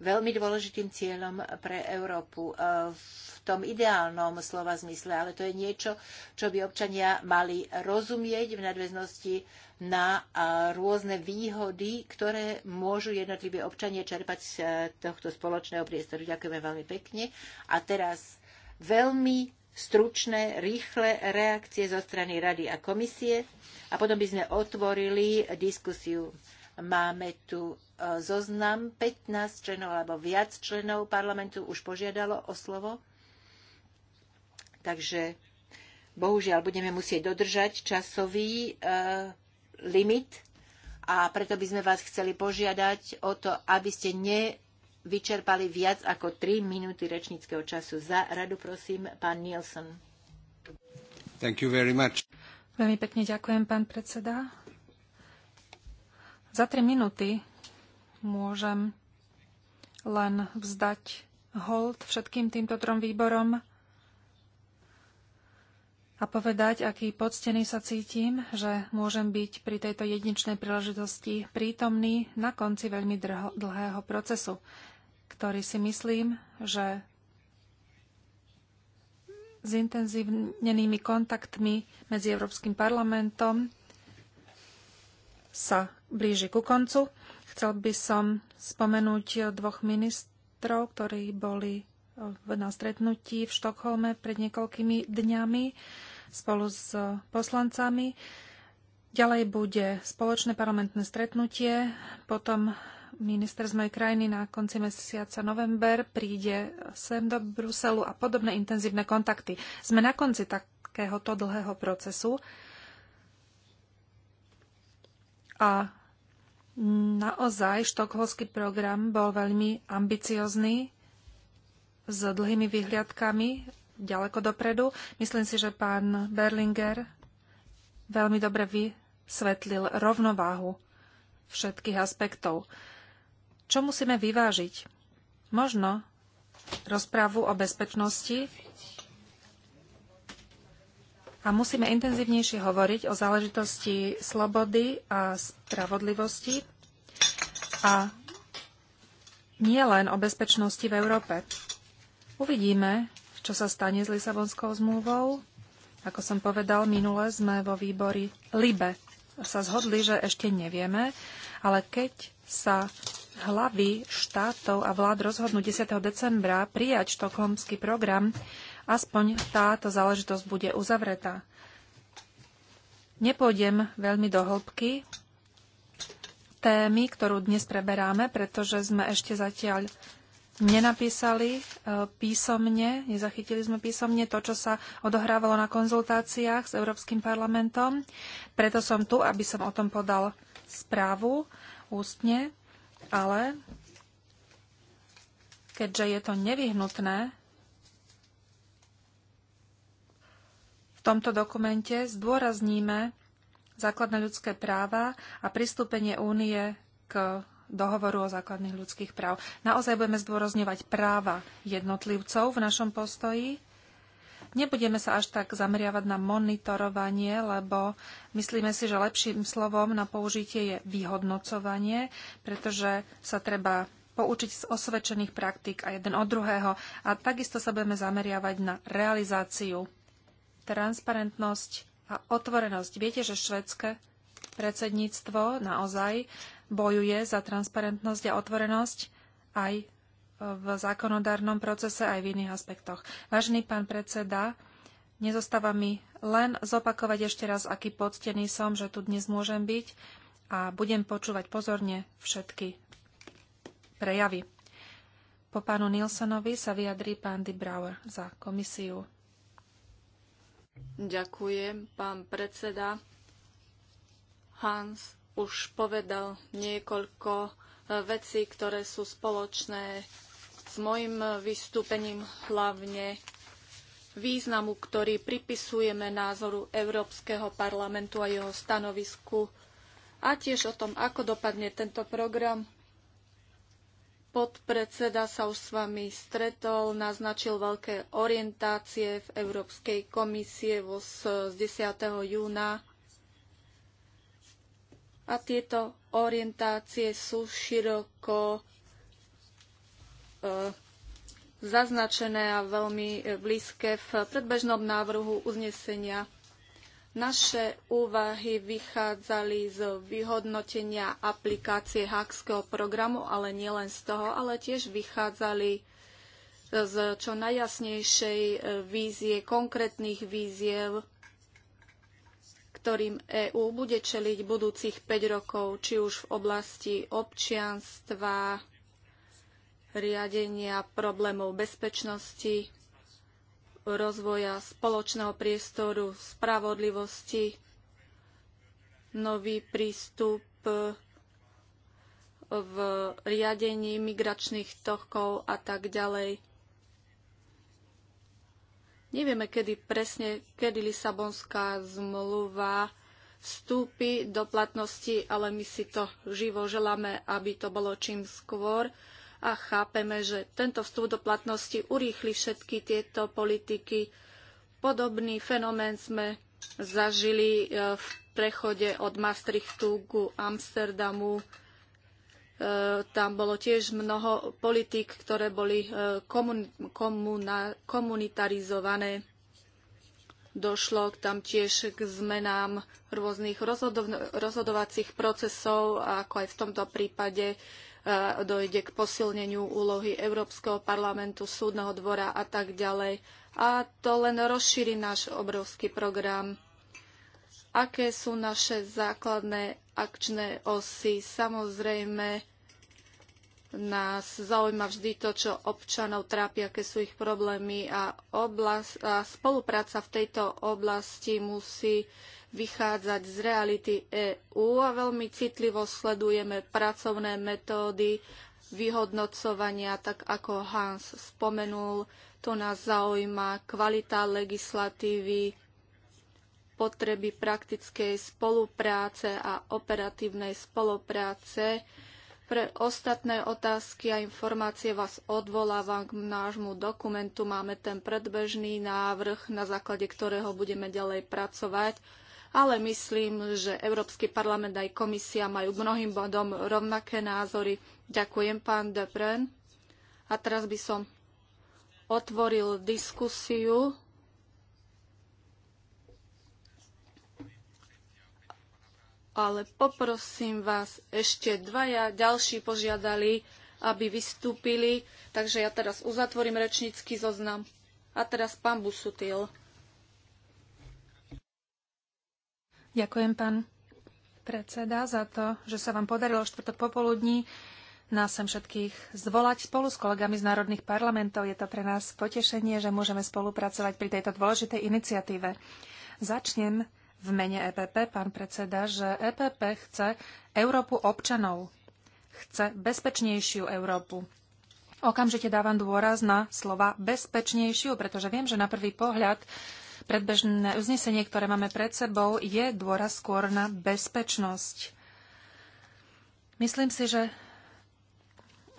veľmi dôležitým cieľom pre Európu e, v tom ideálnom slova zmysle, ale to je niečo, čo by občania mali rozumieť v nadväznosti na e, rôzne výhody, ktoré môžu jednotliví občania čerpať z e, tohto spoločného priestoru. Ďakujeme veľmi pekne. A teraz veľmi stručné, rýchle reakcie zo strany Rady a komisie a potom by sme otvorili diskusiu. Máme tu E, zoznam. 15 členov alebo viac členov parlamentu už požiadalo o slovo. Takže bohužiaľ budeme musieť dodržať časový e, limit a preto by sme vás chceli požiadať o to, aby ste nevyčerpali viac ako 3 minúty rečníckého času. Za radu prosím, pán Nielsen. Thank you very much. Veľmi pekne ďakujem, pán predseda. Za 3 minúty môžem len vzdať hold všetkým týmto trom výborom a povedať, aký poctený sa cítim, že môžem byť pri tejto jedinečnej príležitosti prítomný na konci veľmi drho, dlhého procesu, ktorý si myslím, že s intenzívnenými kontaktmi medzi Európskym parlamentom sa blíži ku koncu Chcel by som spomenúť dvoch ministrov, ktorí boli e, na stretnutí v Štokholme pred niekoľkými dňami spolu s poslancami. Ďalej bude spoločné parlamentné stretnutie, potom minister z mojej krajiny na konci mesiaca november príde sem do Bruselu a podobné intenzívne kontakty. Sme na konci takéhoto dlhého procesu a Naozaj štokholský program bol veľmi ambiciozný, s dlhými vyhliadkami ďaleko dopredu. Myslím si, že pán Berlinger veľmi dobre vysvetlil rovnováhu všetkých aspektov. Čo musíme vyvážiť? Možno rozprávu o bezpečnosti a musíme intenzívnejšie hovoriť o záležitosti slobody a spravodlivosti a nie len o bezpečnosti v Európe. Uvidíme, čo sa stane s Lisabonskou zmluvou. Ako som povedal, minule sme vo výbori LIBE sa zhodli, že ešte nevieme, ale keď sa hlavy štátov a vlád rozhodnú 10. decembra prijať štokholmský program, aspoň táto záležitosť bude uzavretá. Nepôjdem veľmi do hĺbky témy, ktorú dnes preberáme, pretože sme ešte zatiaľ nenapísali e, písomne, nezachytili sme písomne to, čo sa odohrávalo na konzultáciách s Európskym parlamentom. Preto som tu, aby som o tom podal správu ústne, ale keďže je to nevyhnutné V tomto dokumente zdôrazníme základné ľudské práva a pristúpenie únie k dohovoru o základných ľudských práv. Naozaj budeme zdôrazňovať práva jednotlivcov v našom postoji. Nebudeme sa až tak zameriavať na monitorovanie, lebo myslíme si, že lepším slovom na použitie je vyhodnocovanie, pretože sa treba poučiť z osvedčených praktík a jeden od druhého. A takisto sa budeme zameriavať na realizáciu transparentnosť a otvorenosť. Viete, že švedské predsedníctvo naozaj bojuje za transparentnosť a otvorenosť aj v zákonodárnom procese, aj v iných aspektoch. Vážený pán predseda, nezostáva mi len zopakovať ešte raz, aký poctený som, že tu dnes môžem byť a budem počúvať pozorne všetky prejavy. Po pánu Nilsonovi sa vyjadrí pán D. Brauer za komisiu. Ďakujem, pán predseda. Hans už povedal niekoľko e, vecí, ktoré sú spoločné s mojim vystúpením, hlavne významu, ktorý pripisujeme názoru Európskeho parlamentu a jeho stanovisku a tiež o tom, ako dopadne tento program podpredseda sa už s vami stretol, naznačil veľké orientácie v Európskej komisie z 10. júna. A tieto orientácie sú široko e, zaznačené a veľmi blízke v predbežnom návrhu uznesenia naše úvahy vychádzali z vyhodnotenia aplikácie Hackského programu, ale nielen z toho, ale tiež vychádzali z čo najjasnejšej e, vízie, konkrétnych víziev, ktorým EÚ bude čeliť budúcich 5 rokov, či už v oblasti občianstva, riadenia problémov bezpečnosti, rozvoja spoločného priestoru spravodlivosti, nový prístup e, v riadení migračných tokov a tak ďalej. Nevieme, kedy presne, kedy Lisabonská zmluva vstúpi do platnosti, ale my si to živo želáme, aby to bolo čím skôr a chápeme, že tento vstup do platnosti urýchli všetky tieto politiky. Podobný fenomén sme zažili e, v prechode od Maastrichtu ku Amsterdamu. E, tam bolo tiež mnoho politík, ktoré boli e, komun, komuna, komunitarizované. Došlo tam tiež k zmenám rôznych rozhodov, rozhodovacích procesov, ako aj v tomto prípade dojde k posilneniu úlohy Európskeho parlamentu, súdneho dvora a tak ďalej. A to len rozšíri náš obrovský program. Aké sú naše základné akčné osy? Samozrejme, nás zaujíma vždy to, čo občanov trápi, aké sú ich problémy a, oblast, a spolupráca v tejto oblasti musí vychádzať z reality EÚ a veľmi citlivo sledujeme pracovné metódy vyhodnocovania, tak ako Hans spomenul, to nás zaujíma kvalita legislatívy, potreby praktickej spolupráce a operatívnej spolupráce. Pre ostatné otázky a informácie vás odvolávam k nášmu dokumentu. Máme ten predbežný návrh, na základe ktorého budeme ďalej pracovať ale myslím, že Európsky parlament aj komisia majú mnohým bodom rovnaké názory. Ďakujem, pán Depren. A teraz by som otvoril diskusiu. Ale poprosím vás, ešte dvaja ďalší požiadali, aby vystúpili. Takže ja teraz uzatvorím rečnícky zoznam. A teraz pán Busutil. Ďakujem, pán predseda, za to, že sa vám podarilo štvrtok popoludní nás sem všetkých zvolať spolu s kolegami z národných parlamentov. Je to pre nás potešenie, že môžeme spolupracovať pri tejto dôležitej iniciatíve. Začnem v mene EPP, pán predseda, že EPP chce Európu občanov. Chce bezpečnejšiu Európu. Okamžite dávam dôraz na slova bezpečnejšiu, pretože viem, že na prvý pohľad predbežné uznesenie, ktoré máme pred sebou, je dôraz skôr na bezpečnosť. Myslím si, že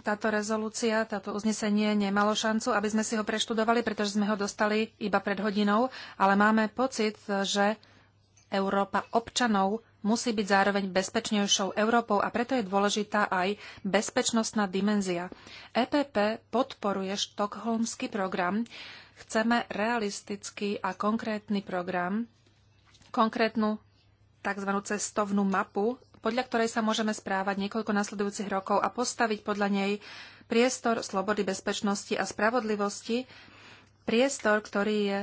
táto rezolúcia, táto uznesenie nemalo šancu, aby sme si ho preštudovali, pretože sme ho dostali iba pred hodinou, ale máme pocit, že Európa občanov musí byť zároveň bezpečnejšou Európou a preto je dôležitá aj bezpečnostná dimenzia. EPP podporuje štokholmský program, Chceme realistický a konkrétny program, konkrétnu tzv. cestovnú mapu, podľa ktorej sa môžeme správať niekoľko nasledujúcich rokov a postaviť podľa nej priestor slobody, bezpečnosti a spravodlivosti, priestor, ktorý je,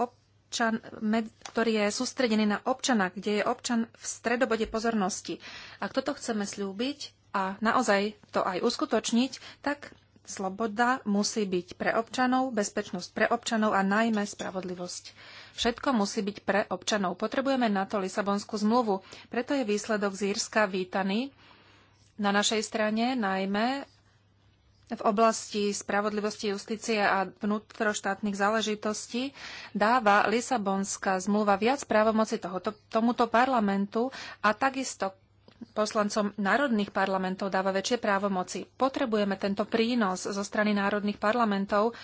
občan, med, ktorý je sústredený na občana, kde je občan v stredobode pozornosti. Ak toto chceme slúbiť a naozaj to aj uskutočniť, tak Sloboda musí byť pre občanov, bezpečnosť pre občanov a najmä spravodlivosť. Všetko musí byť pre občanov. Potrebujeme na to Lisabonskú zmluvu. Preto je výsledok z Írska vítaný na našej strane, najmä v oblasti spravodlivosti, justície a vnútroštátnych záležitostí dáva Lisabonská zmluva viac právomoci tohoto, tomuto parlamentu a takisto poslancom národných parlamentov dáva väčšie právomoci. Potrebujeme tento prínos zo strany národných parlamentov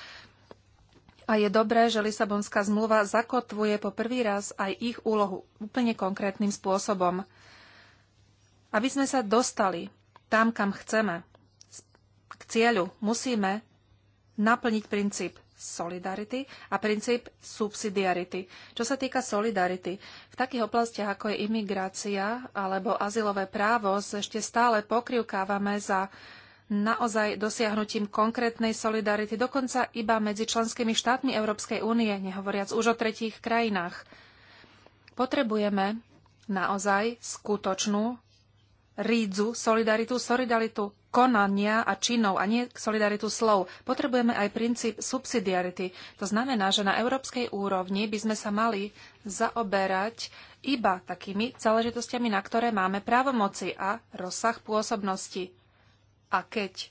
a je dobré, že Lisabonská zmluva zakotvuje po prvý raz aj ich úlohu úplne konkrétnym spôsobom. Aby sme sa dostali tam, kam chceme, k cieľu, musíme naplniť princíp solidarity a princíp subsidiarity. Čo sa týka solidarity, v takých oblastiach ako je imigrácia alebo azylové právo ešte stále pokrivkávame za naozaj dosiahnutím konkrétnej solidarity, dokonca iba medzi členskými štátmi Európskej únie, nehovoriac už o tretích krajinách. Potrebujeme naozaj skutočnú rídzu, solidaritu, solidaritu konania a činov a nie solidaritu slov. Potrebujeme aj princíp subsidiarity. To znamená, že na európskej úrovni by sme sa mali zaoberať iba takými záležitostiami, na ktoré máme právomoci a rozsah pôsobnosti. A keď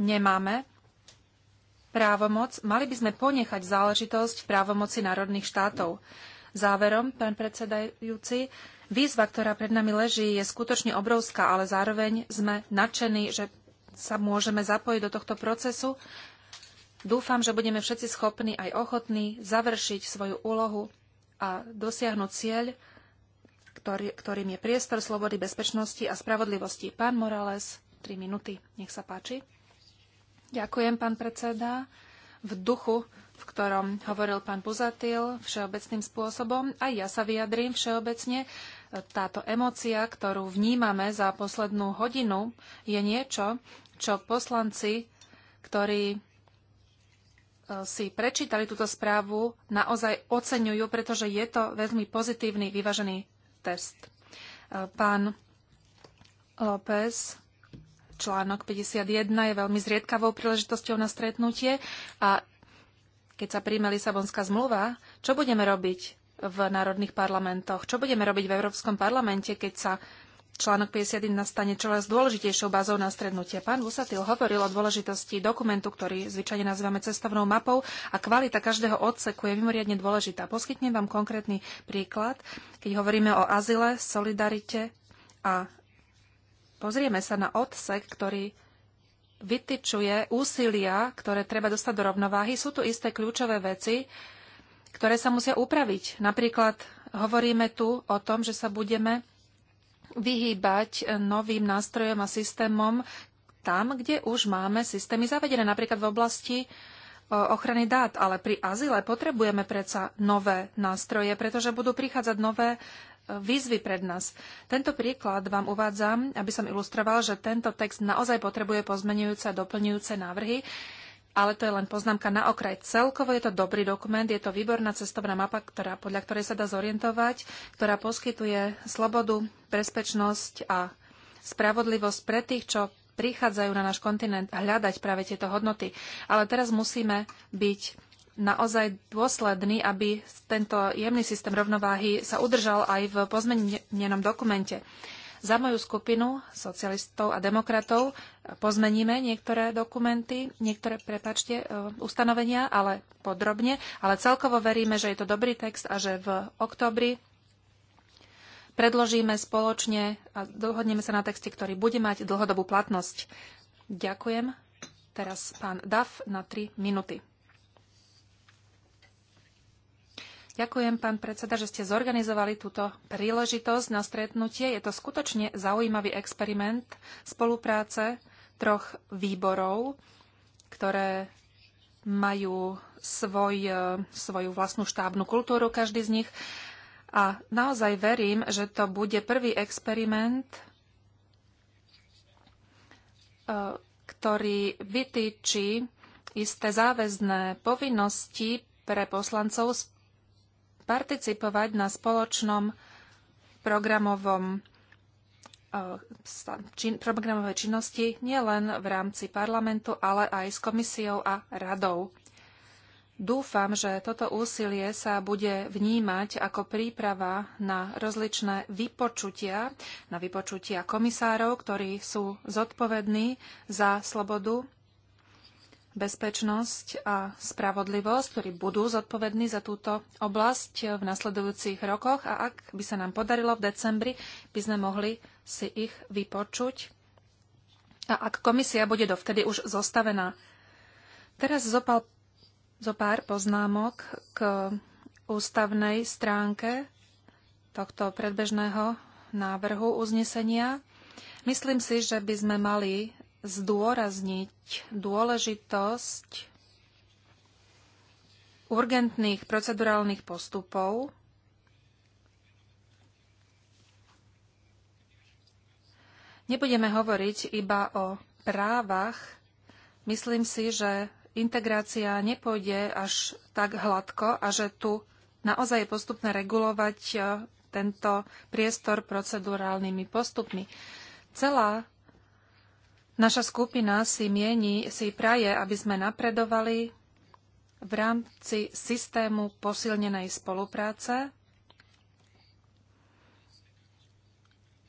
nemáme právomoc, mali by sme ponechať záležitosť v právomoci národných štátov. Záverom, pán predsedajúci, Výzva, ktorá pred nami leží, je skutočne obrovská, ale zároveň sme nadšení, že sa môžeme zapojiť do tohto procesu. Dúfam, že budeme všetci schopní aj ochotní završiť svoju úlohu a dosiahnuť cieľ, ktorý, ktorým je priestor slobody, bezpečnosti a spravodlivosti. Pán Morales, tri minúty, nech sa páči. Ďakujem, pán predseda. V duchu v ktorom hovoril pán Buzatil všeobecným spôsobom. Aj ja sa vyjadrím všeobecne. Táto emócia, ktorú vnímame za poslednú hodinu, je niečo, čo poslanci, ktorí e, si prečítali túto správu, naozaj oceňujú, pretože je to veľmi pozitívny, vyvážený test. E, pán López, článok 51 je veľmi zriedkavou príležitosťou na stretnutie a keď sa príjme Lisabonská zmluva, čo budeme robiť v národných parlamentoch? Čo budeme robiť v Európskom parlamente, keď sa článok 51 stane čoraz dôležitejšou bázou na strednutie? Pán Vusatil hovoril o dôležitosti dokumentu, ktorý zvyčajne nazývame cestovnou mapou a kvalita každého odseku je mimoriadne dôležitá. Poskytnem vám konkrétny príklad, keď hovoríme o azile, solidarite a pozrieme sa na odsek, ktorý vytyčuje úsilia, ktoré treba dostať do rovnováhy. Sú tu isté kľúčové veci, ktoré sa musia upraviť. Napríklad hovoríme tu o tom, že sa budeme vyhýbať novým nástrojom a systémom tam, kde už máme systémy zavedené, napríklad v oblasti ochrany dát, ale pri azyle potrebujeme predsa nové nástroje, pretože budú prichádzať nové výzvy pred nás. Tento príklad vám uvádzam, aby som ilustroval, že tento text naozaj potrebuje pozmenujúce a doplňujúce návrhy, ale to je len poznámka na okraj. Celkovo je to dobrý dokument, je to výborná cestovná mapa, ktorá, podľa ktorej sa dá zorientovať, ktorá poskytuje slobodu, bezpečnosť a spravodlivosť pre tých, čo prichádzajú na náš kontinent a hľadať práve tieto hodnoty. Ale teraz musíme byť naozaj dôsledný, aby tento jemný systém rovnováhy sa udržal aj v pozmenenom dokumente. Za moju skupinu socialistov a demokratov pozmeníme niektoré dokumenty, niektoré, prepačte, e, ustanovenia, ale podrobne. Ale celkovo veríme, že je to dobrý text a že v oktobri predložíme spoločne a dohodneme sa na texte, ktorý bude mať dlhodobú platnosť. Ďakujem. Teraz pán Daf na 3 minúty. Ďakujem, pán predseda, že ste zorganizovali túto príležitosť na stretnutie. Je to skutočne zaujímavý experiment spolupráce troch výborov, ktoré majú svoj, e, svoju vlastnú štábnu kultúru, každý z nich. A naozaj verím, že to bude prvý experiment, e, ktorý vytýči isté záväzné povinnosti pre poslancov z participovať na spoločnom programovom eh, čin, programovej činnosti nielen v rámci parlamentu, ale aj s komisiou a radou. Dúfam, že toto úsilie sa bude vnímať ako príprava na rozličné vypočutia, na vypočutia komisárov, ktorí sú zodpovední za slobodu bezpečnosť a spravodlivosť, ktorí budú zodpovední za túto oblasť v nasledujúcich rokoch a ak by sa nám podarilo v decembri, by sme mohli si ich vypočuť. A ak komisia bude dovtedy už zostavená. Teraz zopal, zo pár poznámok k ústavnej stránke tohto predbežného návrhu uznesenia. Myslím si, že by sme mali zdôrazniť dôležitosť urgentných procedurálnych postupov, Nebudeme hovoriť iba o právach. Myslím si, že integrácia nepôjde až tak hladko a že tu naozaj je postupné regulovať eh, tento priestor procedurálnymi postupmi. Celá Naša skupina si mieni, si praje, aby sme napredovali v rámci systému posilnenej spolupráce,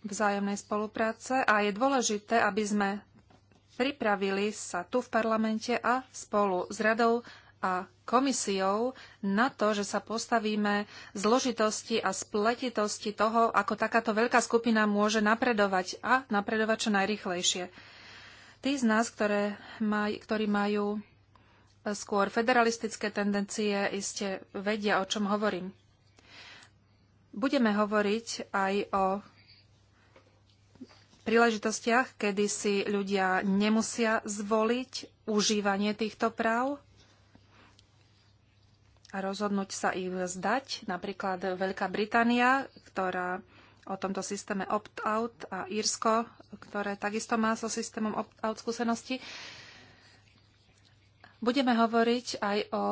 vzájomnej spolupráce a je dôležité, aby sme pripravili sa tu v parlamente a spolu s radou a komisiou na to, že sa postavíme zložitosti a spletitosti toho, ako takáto veľká skupina môže napredovať a napredovať čo najrychlejšie. Tí z nás, ktoré maj, ktorí majú eh, skôr federalistické tendencie, iste vedia, o čom hovorím. Budeme hovoriť aj o príležitostiach, kedy si ľudia nemusia zvoliť užívanie týchto práv a rozhodnúť sa ich vzdať. Napríklad Veľká Británia, ktorá o tomto systéme opt-out a Írsko, ktoré takisto má so systémom opt-out skúsenosti. Budeme hovoriť aj o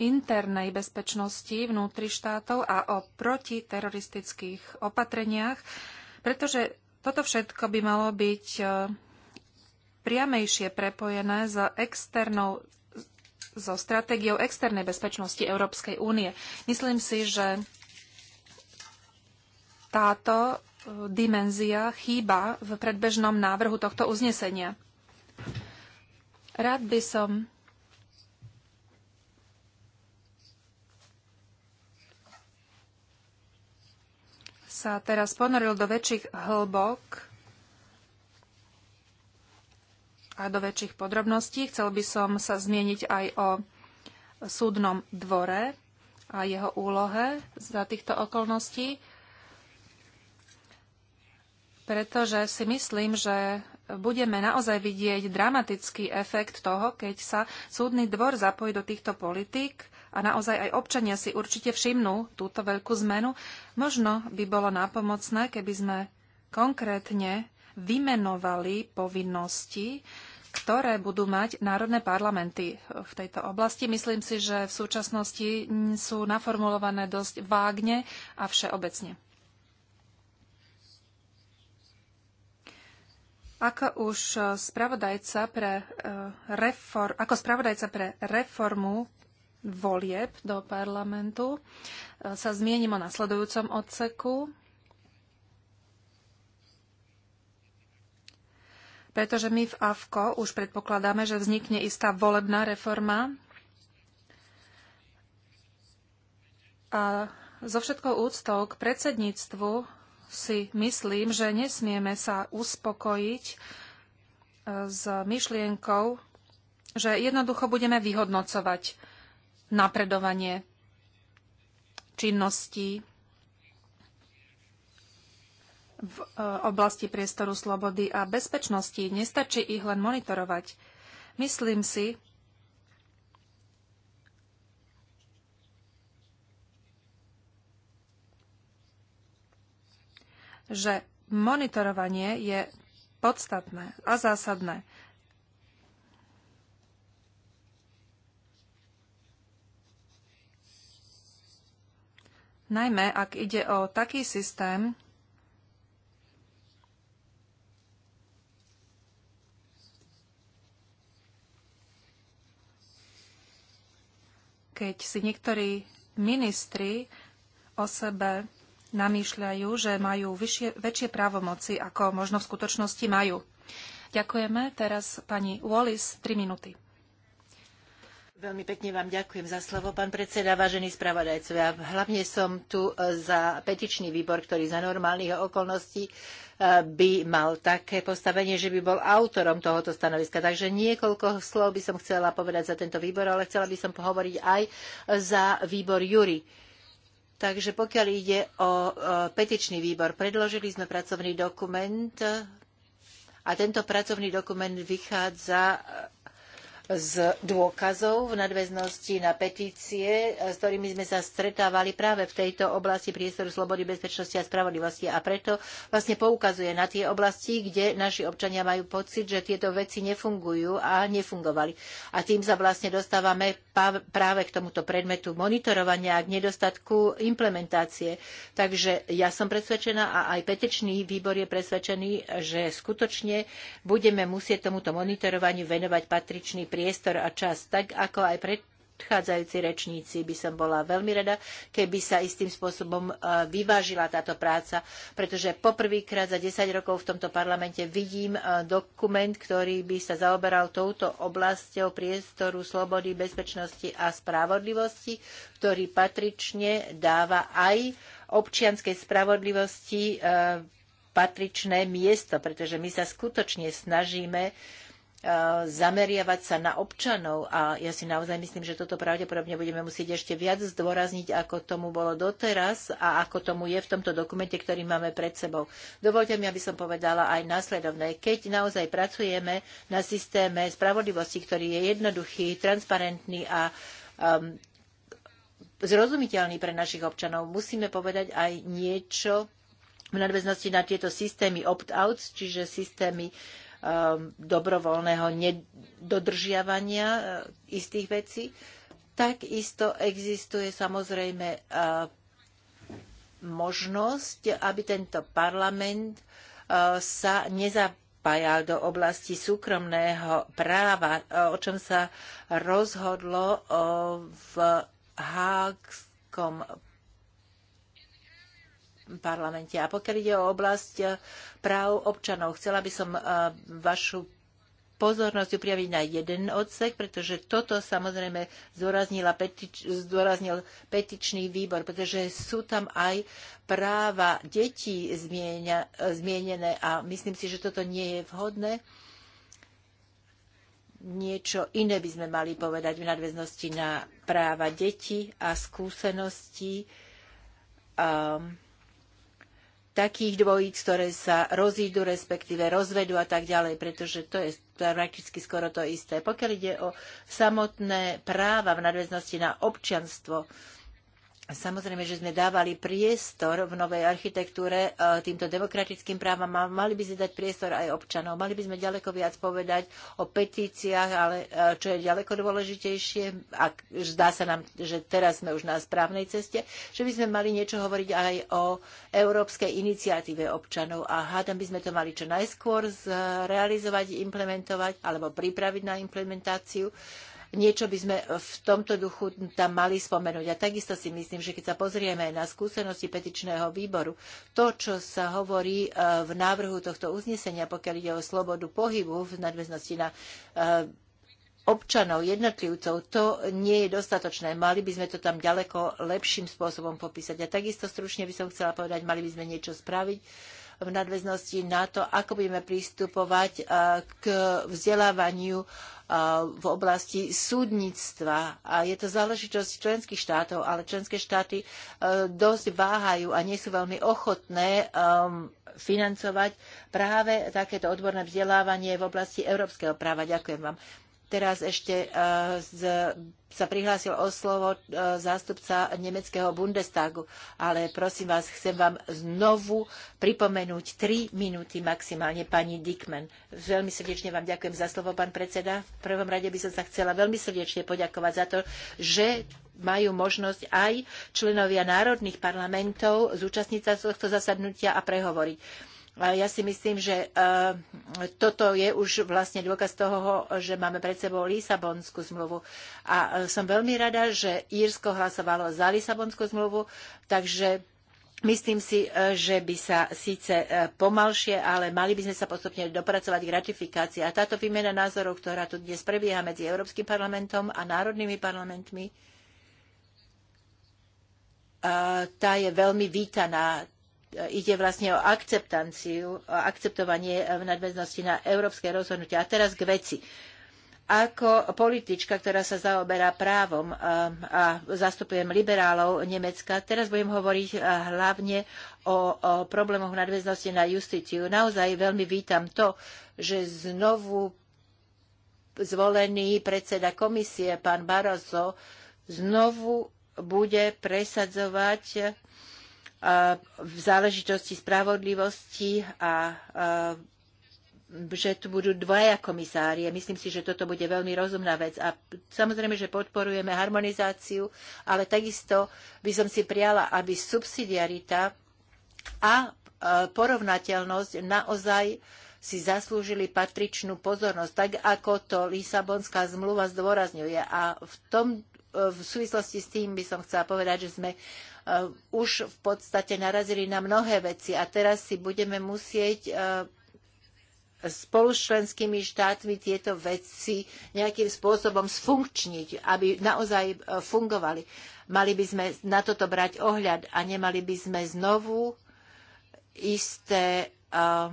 internej bezpečnosti vnútri štátov a o protiteroristických opatreniach, pretože toto všetko by malo byť e, priamejšie prepojené s externou so stratégiou externej bezpečnosti Európskej únie. Myslím si, že táto e, dimenzia chýba v predbežnom návrhu tohto uznesenia. Rád by som sa teraz ponoril do väčších hĺbok a do väčších podrobností. Chcel by som sa zmieniť aj o súdnom dvore a jeho úlohe za týchto okolností pretože si myslím, že budeme naozaj vidieť dramatický efekt toho, keď sa súdny dvor zapojí do týchto politík a naozaj aj občania si určite všimnú túto veľkú zmenu. Možno by bolo nápomocné, keby sme konkrétne vymenovali povinnosti, ktoré budú mať národné parlamenty v tejto oblasti. Myslím si, že v súčasnosti sú naformulované dosť vágne a všeobecne. Ako už e, spravodajca pre, e, reform, ako spravodajca pre reformu volieb do parlamentu e, sa zmienim o nasledujúcom odseku, pretože my v AFKO už predpokladáme, že vznikne istá volebná reforma a so všetkou úctou k predsedníctvu si myslím, že nesmieme sa uspokojiť e, s myšlienkou, že jednoducho budeme vyhodnocovať napredovanie činností v e, oblasti priestoru slobody a bezpečnosti. Nestačí ich len monitorovať. Myslím si, že monitorovanie je podstatné a zásadné. Najmä ak ide o taký systém, keď si niektorí ministri o sebe namýšľajú, že majú vyššie, väčšie právomoci, ako možno v skutočnosti majú. Ďakujeme. Teraz pani Wallis, 3 minúty. Veľmi pekne vám ďakujem za slovo, pán predseda, vážení spravodajcovia. Hlavne som tu e, za petičný výbor, ktorý za normálnych okolností e, by mal také postavenie, že by bol autorom tohoto stanoviska. Takže niekoľko slov by som chcela povedať za tento výbor, ale chcela by som pohovoriť aj za výbor Jury Takže pokiaľ ide o petičný výbor, predložili sme pracovný dokument a tento pracovný dokument vychádza z dôkazov v nadväznosti na petície, s ktorými sme sa stretávali práve v tejto oblasti priestoru slobody, bezpečnosti a spravodlivosti. A preto vlastne poukazuje na tie oblasti, kde naši občania majú pocit, že tieto veci nefungujú a nefungovali. A tým sa vlastne dostávame práve k tomuto predmetu monitorovania a k nedostatku implementácie. Takže ja som presvedčená a aj petečný výbor je presvedčený, že skutočne budeme musieť tomuto monitorovaniu venovať patričný priestor a čas, tak ako aj pred predchádzajúci rečníci by som bola veľmi rada, keby sa istým spôsobom e, vyvážila táto práca, pretože poprvýkrát za 10 rokov v tomto parlamente vidím e, dokument, ktorý by sa zaoberal touto oblasťou priestoru slobody, bezpečnosti a spravodlivosti, ktorý patrične dáva aj občianskej spravodlivosti e, patričné miesto, pretože my sa skutočne snažíme E, zameriavať sa na občanov a ja si naozaj myslím, že toto pravdepodobne budeme musieť ešte viac zdôrazniť, ako tomu bolo doteraz a ako tomu je v tomto dokumente, ktorý máme pred sebou. Dovolte mi, aby som povedala aj následovné. Keď naozaj pracujeme na systéme spravodlivosti, ktorý je jednoduchý, transparentný a um, zrozumiteľný pre našich občanov, musíme povedať aj niečo v nadväznosti na tieto systémy opt-out, čiže systémy uh, Um, dobrovoľného nedodržiavania uh, istých vecí. Takisto existuje samozrejme uh, možnosť, aby tento parlament uh, sa nezapájal do oblasti súkromného práva, o čom sa rozhodlo v Hákskom parlamente. A pokiaľ ide o oblasť eh, práv občanov, chcela by som eh, vašu pozornosť upriaviť na jeden odsek, pretože toto samozrejme petič, zdôraznil petičný výbor, pretože sú tam aj práva detí zmienia, eh, zmienené a myslím si, že toto nie je vhodné. Niečo iné by sme mali povedať v nadväznosti na práva detí a skúseností. Um, takých dvojíc, ktoré sa rozídu, respektíve rozvedú a tak ďalej, pretože to je prakticky skoro to isté. Pokiaľ ide o samotné práva v nadväznosti na občianstvo, Samozrejme, že sme dávali priestor v novej architektúre e, týmto demokratickým právam a mali by sme dať priestor aj občanov. Mali by sme ďaleko viac povedať o petíciách, ale e, čo je ďaleko dôležitejšie, a zdá sa nám, že teraz sme už na správnej ceste, že by sme mali niečo hovoriť aj o európskej iniciatíve občanov a hádam by sme to mali čo najskôr zrealizovať, implementovať alebo pripraviť na implementáciu niečo by sme v tomto duchu tam mali spomenúť. A takisto si myslím, že keď sa pozrieme na skúsenosti petičného výboru, to, čo sa hovorí e, v návrhu tohto uznesenia, pokiaľ ide o slobodu pohybu v nadväznosti na e, občanov, jednotlivcov, to nie je dostatočné. Mali by sme to tam ďaleko lepším spôsobom popísať. A takisto stručne by som chcela povedať, mali by sme niečo spraviť v nadväznosti na to, ako budeme pristupovať e, k vzdelávaniu e, v oblasti súdnictva. A je to záležitosť členských štátov, ale členské štáty e, dosť váhajú a nie sú veľmi ochotné um, financovať práve takéto odborné vzdelávanie v oblasti európskeho práva. Ďakujem vám. Teraz ešte e, z, sa prihlásil o slovo e, zástupca nemeckého Bundestagu, ale prosím vás, chcem vám znovu pripomenúť tri minúty maximálne pani Dickman. Veľmi srdečne vám ďakujem za slovo, pán predseda. V prvom rade by som sa chcela veľmi srdečne poďakovať za to, že majú možnosť aj členovia národných parlamentov zúčastniť sa tohto zasadnutia a prehovoriť. Ja si myslím, že e, toto je už vlastne dôkaz toho, že máme pred sebou Lisabonskú zmluvu. A e, som veľmi rada, že Írsko hlasovalo za Lisabonskú zmluvu, takže Myslím si, e, že by sa síce pomalšie, ale mali by sme sa postupne dopracovať k ratifikácii. A táto výmena názorov, ktorá tu dnes prebieha medzi Európskym parlamentom a národnými parlamentmi, tá je veľmi vítaná ide vlastne o akceptanciu, o akceptovanie e, v nadväznosti na európske rozhodnutia. A teraz k veci. Ako politička, ktorá sa zaoberá právom e, a zastupujem liberálov Nemecka, teraz budem hovoriť e, hlavne o, problémoch v nadväznosti na justíciu. Naozaj veľmi vítam to, že znovu zvolený predseda komisie, pán Barroso, znovu bude presadzovať v záležitosti spravodlivosti a e, že tu budú dvaja komisárie. Myslím si, že toto bude veľmi rozumná vec. A samozrejme, že podporujeme harmonizáciu, ale takisto by som si priala, aby subsidiarita a e, porovnateľnosť naozaj si zaslúžili patričnú pozornosť, tak ako to Lisabonská zmluva zdôrazňuje. A v, tom, e, v súvislosti s tým by som chcela povedať, že sme Eh, už v podstate narazili na mnohé veci a teraz si budeme musieť eh, spolu s členskými štátmi tieto veci nejakým spôsobom sfunkčniť, aby naozaj eh, fungovali. Mali by sme na toto brať ohľad a nemali by sme znovu isté uh,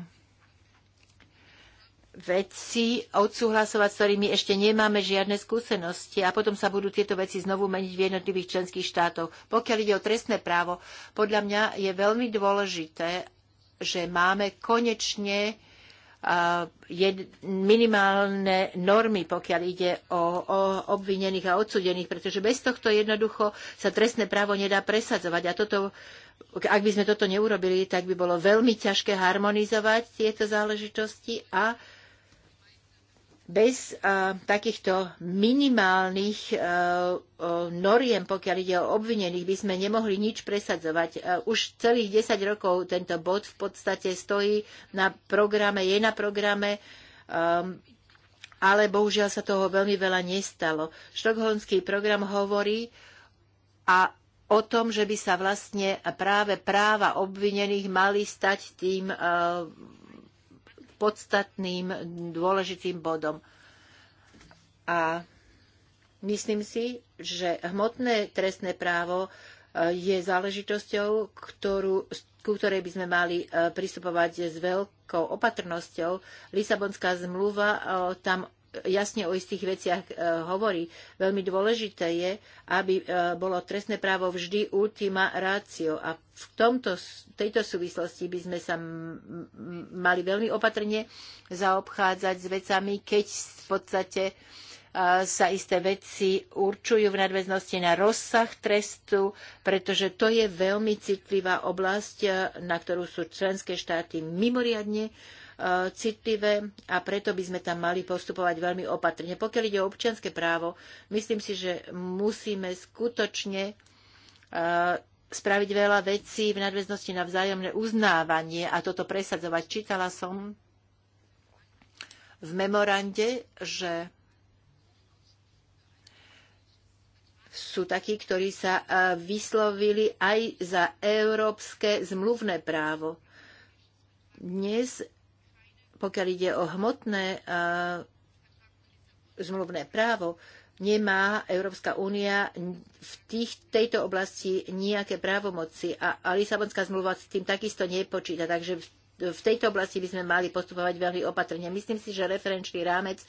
veci odsúhlasovať, s ktorými ešte nemáme žiadne skúsenosti a potom sa budú tieto veci znovu meniť v jednotlivých členských štátoch. Pokiaľ ide o trestné právo, podľa mňa je veľmi dôležité, že máme konečne minimálne normy, pokiaľ ide o, o obvinených a odsudených, pretože bez tohto jednoducho sa trestné právo nedá presadzovať. A toto, ak by sme toto neurobili, tak by bolo veľmi ťažké harmonizovať tieto záležitosti a bez uh, takýchto minimálnych uh, uh, noriem, pokiaľ ide o obvinených, by sme nemohli nič presadzovať. Uh, už celých 10 rokov tento bod v podstate stojí na programe, je na programe, um, ale bohužiaľ sa toho veľmi veľa nestalo. Štokholmský program hovorí a o tom, že by sa vlastne práve práva obvinených mali stať tým uh, podstatným dôležitým bodom. A myslím si, že hmotné trestné právo e, je záležitosťou, ktorú, ku ktorej by sme mali e, pristupovať s veľkou opatrnosťou. Lisabonská zmluva e, tam jasne o istých veciach e, hovorí. Veľmi dôležité je, aby e, bolo trestné právo vždy ultima ratio. A v tomto, tejto súvislosti by sme sa mali veľmi opatrne zaobchádzať s vecami, keď v podstate e, sa isté veci určujú v nadväznosti na rozsah trestu, pretože to je veľmi citlivá oblasť, na ktorú sú členské štáty mimoriadne E, citlivé a preto by sme tam mali postupovať veľmi opatrne. Pokiaľ ide o občianske právo, myslím si, že musíme skutočne e, spraviť veľa vecí v nadväznosti na vzájomné uznávanie a toto presadzovať. Čítala som v memorande, že sú takí, ktorí sa e, vyslovili aj za európske zmluvné právo. Dnes pokiaľ ide o hmotné zmluvné právo, nemá Európska únia v tých, tejto oblasti nejaké právomoci a, a Lisabonská zmluva s tým takisto nepočíta. Takže v tejto oblasti by sme mali postupovať veľmi opatrne. Myslím si, že referenčný rámec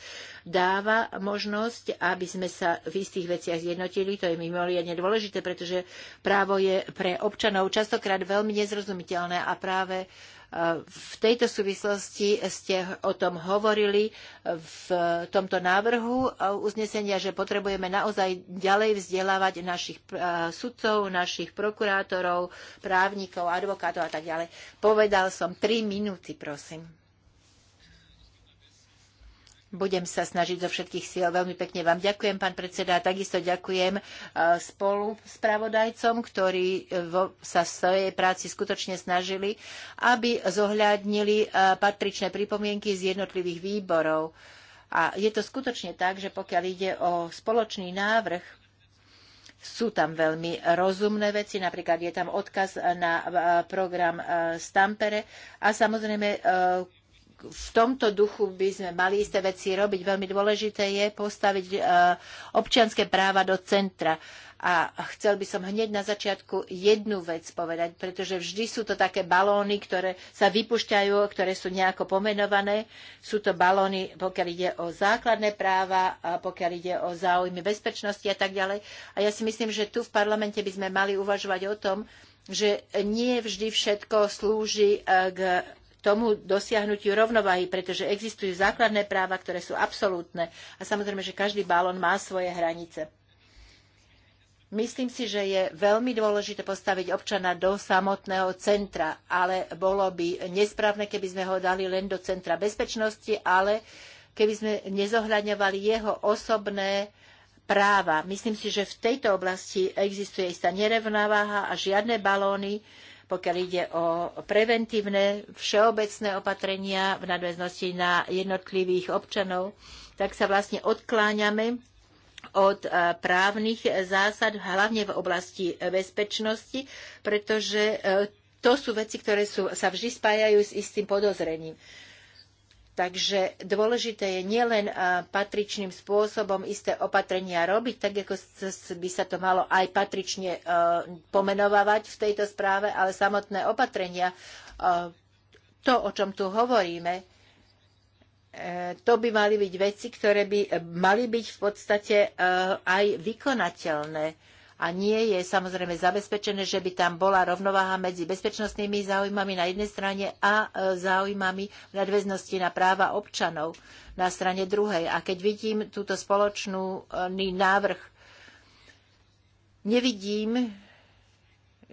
dáva možnosť, aby sme sa v istých veciach zjednotili. To je mimoriadne dôležité, pretože právo je pre občanov častokrát veľmi nezrozumiteľné a práve uh, v tejto súvislosti ste o tom hovorili v tomto návrhu uznesenia, že potrebujeme naozaj ďalej vzdelávať našich eh, sudcov, našich prokurátorov, právnikov, advokátov a tak ďalej. Povedal som tri minúty, prosím. Budem sa snažiť zo všetkých síl. Veľmi pekne vám ďakujem, pán predseda, a takisto ďakujem e, spolu spravodajcom, ktorí e, sa v svojej práci skutočne snažili, aby zohľadnili e, patričné pripomienky z jednotlivých výborov. A je to skutočne tak, že pokiaľ ide o spoločný návrh, sú tam veľmi rozumné veci, napríklad je tam odkaz na program Stampere a samozrejme v tomto duchu by sme mali isté veci robiť. Veľmi dôležité je postaviť e, občianské práva do centra. A chcel by som hneď na začiatku jednu vec povedať, pretože vždy sú to také balóny, ktoré sa vypušťajú, ktoré sú nejako pomenované. Sú to balóny, pokiaľ ide o základné práva, a pokiaľ ide o záujmy bezpečnosti a tak ďalej. A ja si myslím, že tu v parlamente by sme mali uvažovať o tom, že nie vždy všetko slúži e, k tomu dosiahnutiu rovnováhy, pretože existujú základné práva, ktoré sú absolútne. A samozrejme, že každý balón má svoje hranice. Myslím si, že je veľmi dôležité postaviť občana do samotného centra, ale bolo by nesprávne, keby sme ho dali len do centra bezpečnosti, ale keby sme nezohľadňovali jeho osobné práva. Myslím si, že v tejto oblasti existuje istá nerovnováha a žiadne balóny pokiaľ ide o preventívne všeobecné opatrenia v nadväznosti na jednotlivých občanov, tak sa vlastne odkláňame od e, právnych zásad, hlavne v oblasti bezpečnosti, pretože e, to sú veci, ktoré sú, sa vždy spájajú s istým podozrením. Takže dôležité je nielen patričným spôsobom isté opatrenia robiť, tak ako by sa to malo aj patrične e, pomenovávať v tejto správe, ale samotné opatrenia, e, to, o čom tu hovoríme, e, to by mali byť veci, ktoré by mali byť v podstate aj vykonateľné a nie je samozrejme zabezpečené, že by tam bola rovnováha medzi bezpečnostnými záujmami na jednej strane a e, záujmami v nadväznosti na práva občanov na strane druhej. A keď vidím túto spoločný návrh, nevidím,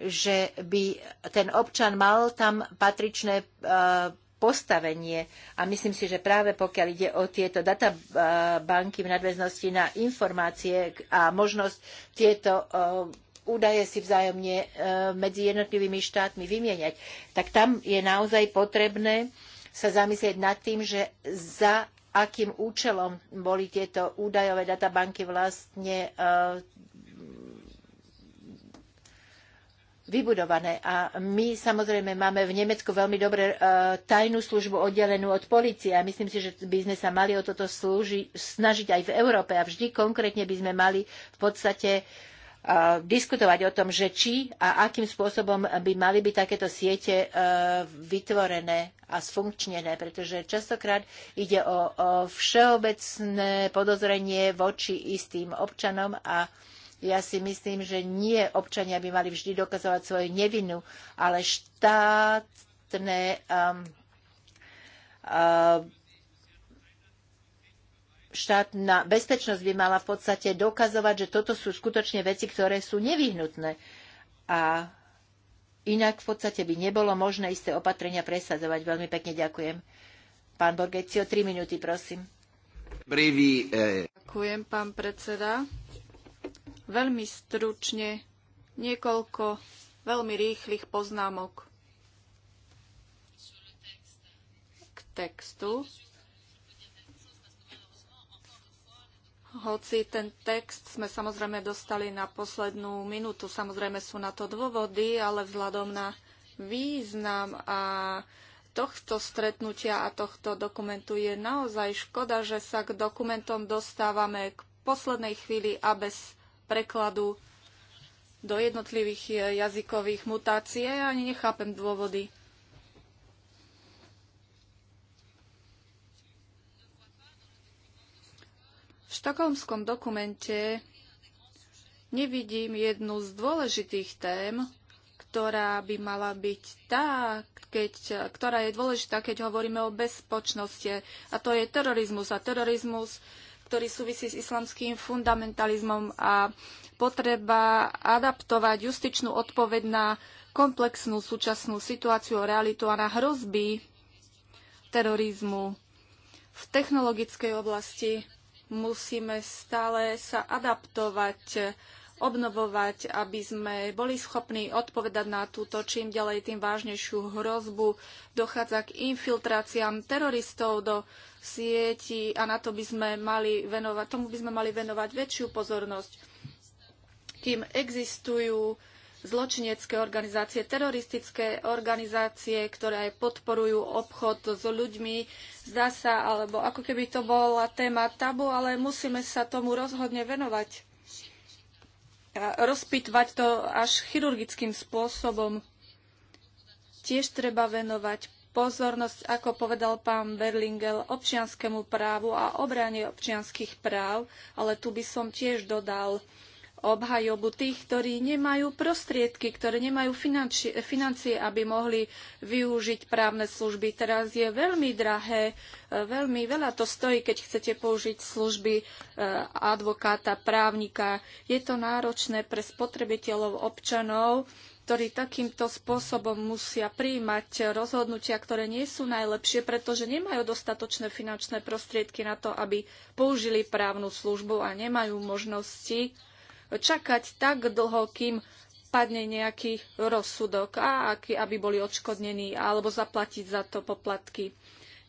že by ten občan mal tam patričné e, postavenie. A myslím si, že práve pokiaľ ide o tieto databanky eh, v nadväznosti na informácie a možnosť tieto eh, údaje si vzájomne eh, medzi jednotlivými štátmi vymieňať, tak tam je naozaj potrebné sa zamyslieť nad tým, že za akým účelom boli tieto údajové databanky vlastne vybudované. A my samozrejme máme v Nemecku veľmi dobre tajnú službu oddelenú od policie a myslím si, že by sme sa mali o toto slúži, snažiť aj v Európe a vždy konkrétne by sme mali v podstate e, diskutovať o tom, že či a akým spôsobom by mali byť takéto siete e, vytvorené a sfunkčnené, pretože častokrát ide o, o všeobecné podozrenie voči istým občanom a ja si myslím, že nie občania by mali vždy dokazovať svoju nevinu, ale štátne um, uh, štátna bezpečnosť by mala v podstate dokazovať, že toto sú skutočne veci, ktoré sú nevyhnutné. A inak v podstate by nebolo možné isté opatrenia presadzovať. Veľmi pekne ďakujem. Pán Borgecio, tri minúty, prosím. Brevi, eh... Ďakujem, pán predseda. Veľmi stručne niekoľko veľmi rýchlych poznámok k textu. Hoci ten text sme samozrejme dostali na poslednú minútu, samozrejme sú na to dôvody, ale vzhľadom na význam a tohto stretnutia a tohto dokumentu je naozaj škoda, že sa k dokumentom dostávame k poslednej chvíli a bez prekladu do jednotlivých eh, jazykových mutácií. Ja ani nechápem dôvody. V štokholmskom dokumente nevidím jednu z dôležitých tém, ktorá by mala byť tá, keď, ktorá je dôležitá, keď hovoríme o bezpočnosti. A to je terorizmus. A terorizmus ktorý súvisí s islamským fundamentalizmom a potreba adaptovať justičnú odpoveď na komplexnú súčasnú situáciu a realitu a na hrozby terorizmu. V technologickej oblasti musíme stále sa adaptovať obnovovať, aby sme boli schopní odpovedať na túto čím ďalej tým vážnejšiu hrozbu. Dochádza k infiltráciám teroristov do sieti a na to by sme mali venovať, tomu by sme mali venovať väčšiu pozornosť. Kým existujú zločinecké organizácie, teroristické organizácie, ktoré aj podporujú obchod s ľuďmi. Zdá sa, alebo ako keby to bola téma tabu, ale musíme sa tomu rozhodne venovať rozpitvať to až chirurgickým spôsobom. Tiež treba venovať pozornosť, ako povedal pán Berlingel, občianskému právu a obrane občianských práv, ale tu by som tiež dodal, obhajobu tých, ktorí nemajú prostriedky, ktoré nemajú financie, aby mohli využiť právne služby. Teraz je veľmi drahé, e, veľmi veľa to stojí, keď chcete použiť služby e, advokáta, právnika. Je to náročné pre spotrebiteľov, občanov, ktorí takýmto spôsobom musia príjmať rozhodnutia, ktoré nie sú najlepšie, pretože nemajú dostatočné finančné prostriedky na to, aby použili právnu službu a nemajú možnosti čakať tak dlho, kým padne nejaký rozsudok a aby boli odškodnení alebo zaplatiť za to poplatky.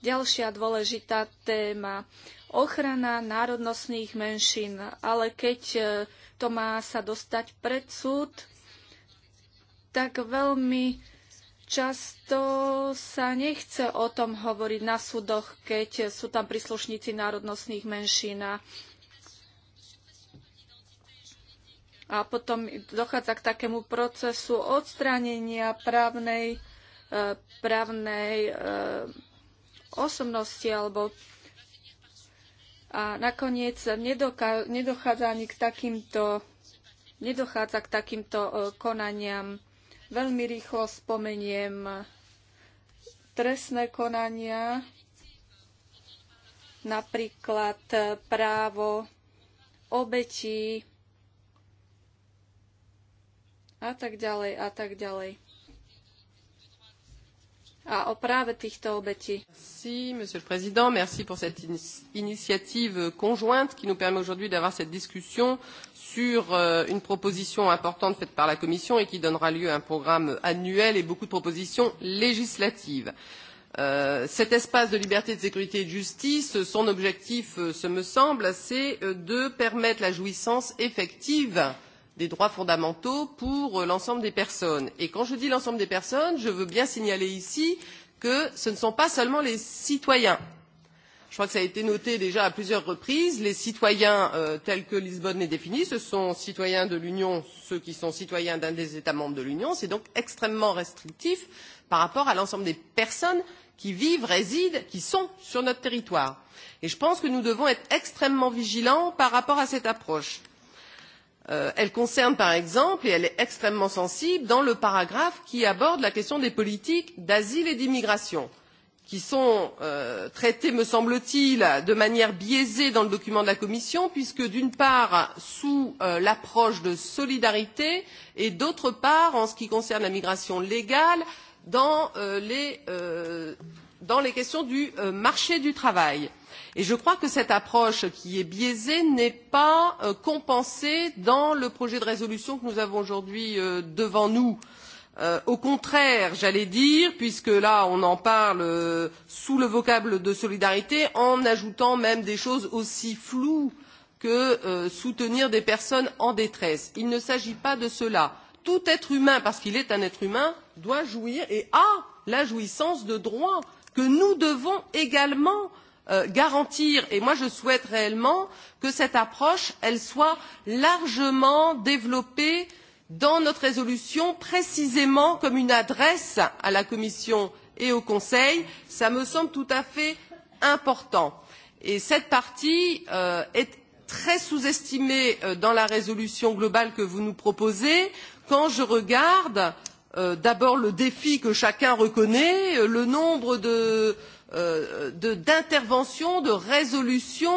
Ďalšia dôležitá téma ochrana národnostných menšín, ale keď e, to má sa dostať pred súd, tak veľmi často sa nechce o tom hovoriť na súdoch, keď sú tam príslušníci národnostných menšín. A a potom dochádza k takému procesu odstránenia právnej, e, právnej e, osobnosti alebo a nakoniec nedoká, nedochádza ani k takýmto, nedochádza k takýmto e, konaniam. Veľmi rýchlo spomeniem trestné konania, napríklad právo obetí, a tak ďalej a tak ďalej. A o práve týchto obetí. Merci, Monsieur le Président. Merci pour cette in initiative conjointe qui nous permet aujourd'hui d'avoir cette discussion sur euh, une proposition importante faite par la Commission et qui donnera lieu à un programme annuel et beaucoup de propositions législatives. Euh, cet espace de liberté, de sécurité et de justice, son objectif, euh, ce me semble, c'est euh, de permettre la jouissance effective euh, des droits fondamentaux pour euh, l'ensemble des personnes. Et quand je dis l'ensemble des personnes, je veux bien signaler ici que ce ne sont pas seulement les citoyens. Je crois que cela a été noté déjà à plusieurs reprises. Les citoyens euh, tels que Lisbonne les définit, ce sont citoyens de l'Union, ceux qui sont citoyens d'un des États membres de l'Union. C'est donc extrêmement restrictif par rapport à l'ensemble des personnes qui vivent, résident, qui sont sur notre territoire. Et je pense que nous devons être extrêmement vigilants par rapport à cette approche Euh, elle concerne par exemple et elle est extrêmement sensible dans le paragraphe qui aborde la question des politiques d'asile et d'immigration qui sont euh, traitées me semble t il de manière biaisée dans le document de la commission puisque d'une part sous euh, l'approche de solidarité et d'autre part en ce qui concerne la migration légale dans euh, les euh, dans les questions du euh, marché du travail. Et je crois que cette approche qui est biaisée n'est pas euh, compensée dans le projet de résolution que nous avons aujourd'hui euh, devant nous. au contraire, j'allais dire, puisque là on en parle sous le vocable de solidarité, en ajoutant même des choses aussi floues que soutenir des personnes en détresse. Il ne s'agit pas de cela. Tout être humain, parce qu'il est un être humain, doit jouir et a la jouissance de droits que nous devons également euh, garantir et moi je souhaite réellement que cette approche soit largement développée dans notre résolution précisément comme une adresse à la commission et au conseil cela me semble tout à fait important et cette partie euh, est très sous estimée euh, dans la résolution globale que vous nous proposez quand je regarde Euh, d'abord le défi que chacun reconnaît euh, le nombre euh, d'interventions de, résolutions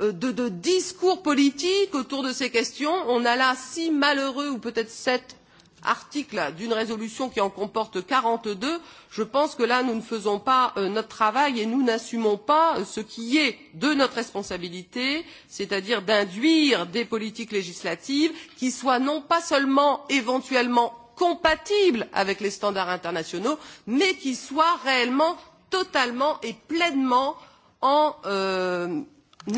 de discours politiques autour de ces questions. on a là six malheureux ou peut être sept articles d'une résolution qui en comporte quarante deux je pense que là nous ne faisons pas notre travail et nous n'assumons pas ce qui est de notre responsabilité c'est à dire d'induire des politiques législatives qui soient non pas seulement éventuellement compatible avec les standards internationaux mais qui soient réellement totalement et pleinement en euh,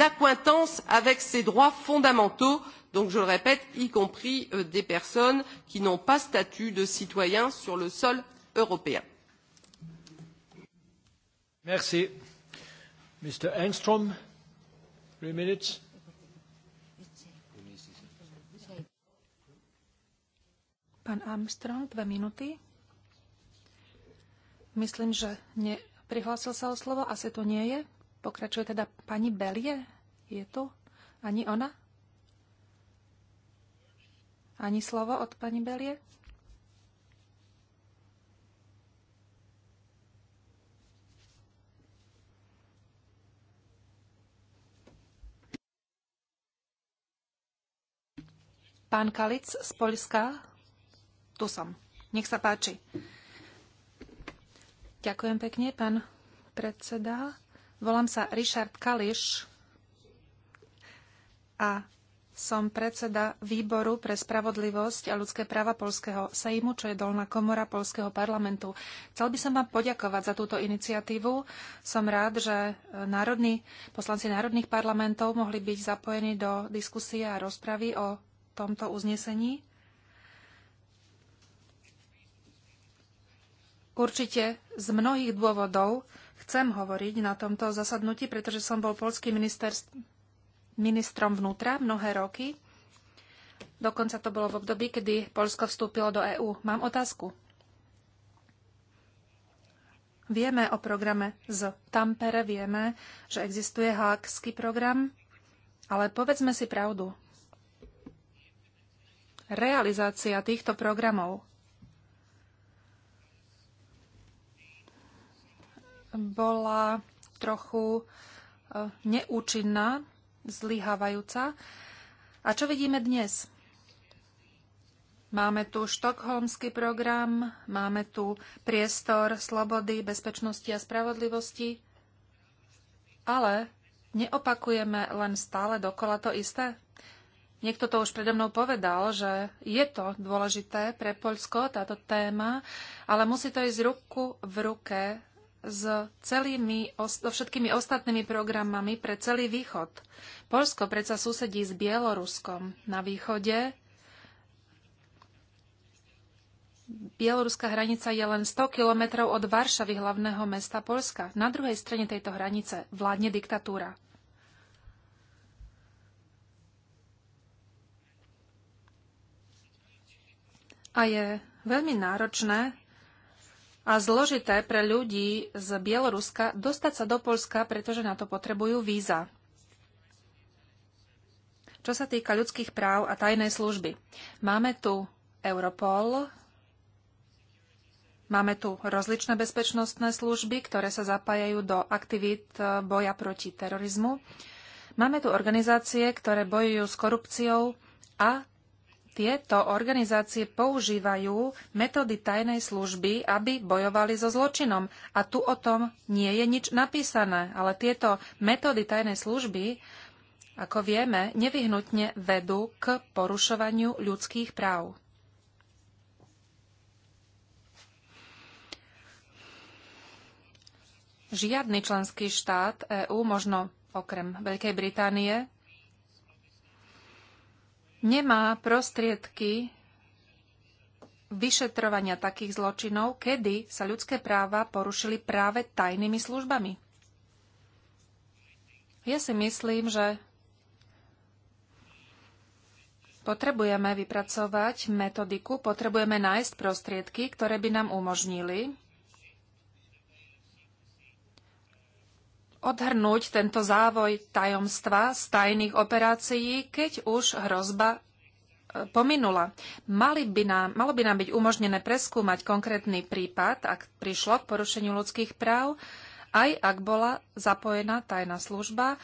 accointance avec ces droits fondamentaux donc je le répète y compris euh, des personnes qui n'ont pas statut de citoyen sur le sol européen. Merci. Mr. three minutes. Pán Armstrong, dve minúty. Myslím, že ne, prihlásil sa o slovo, asi to nie je. Pokračuje teda pani Belie. Je tu? Ani ona? Ani slovo od pani Belie? Pán Kalic z Polska tu som. Nech sa páči. Ďakujem pekne, pán predseda. Volám sa Richard Kališ a som predseda výboru pre spravodlivosť a ľudské práva Polského sejmu, čo je dolná komora Polského parlamentu. Chcel by som vám poďakovať za túto iniciatívu. Som rád, že národní, poslanci národných parlamentov mohli byť zapojení do diskusie a rozpravy o tomto uznesení. Určite z mnohých dôvodov chcem hovoriť na tomto zasadnutí, pretože som bol polský minister, ministrom vnútra mnohé roky. Dokonca to bolo v období, kedy Polsko vstúpilo do EÚ. Mám otázku. Vieme o programe z Tampere, vieme, že existuje hákský program, ale povedzme si pravdu. Realizácia týchto programov bola trochu e, neúčinná, zlyhávajúca. A čo vidíme dnes? Máme tu štokholmský program, máme tu priestor slobody, bezpečnosti a spravodlivosti, ale neopakujeme len stále dokola to isté. Niekto to už predo mnou povedal, že je to dôležité pre Poľsko, táto téma, ale musí to ísť ruku v ruke s celými, so všetkými ostatnými programami pre celý východ. Polsko predsa susedí s Bieloruskom na východe. Bieloruská hranica je len 100 kilometrov od Varšavy, hlavného mesta Polska. Na druhej strane tejto hranice vládne diktatúra. A je veľmi náročné a zložité pre ľudí z Bieloruska dostať sa do Polska, pretože na to potrebujú víza. Čo sa týka ľudských práv a tajnej služby, máme tu Europol, máme tu rozličné bezpečnostné služby, ktoré sa zapájajú do aktivít e, boja proti terorizmu. Máme tu organizácie, ktoré bojujú s korupciou a tieto organizácie používajú metódy tajnej služby, aby bojovali so zločinom. A tu o tom nie je nič napísané, ale tieto metódy tajnej služby, ako vieme, nevyhnutne vedú k porušovaniu ľudských práv. Žiadny členský štát EÚ, možno okrem Veľkej Británie, nemá prostriedky vyšetrovania takých zločinov, kedy sa ľudské práva porušili práve tajnými službami. Ja si myslím, že potrebujeme vypracovať metodiku, potrebujeme nájsť prostriedky, ktoré by nám umožnili odhrnúť tento závoj tajomstva z tajných operácií, keď už hrozba e, pominula. Mali by nám, malo by nám byť umožnené preskúmať konkrétny prípad, ak prišlo k porušeniu ľudských práv, aj ak bola zapojená tajná služba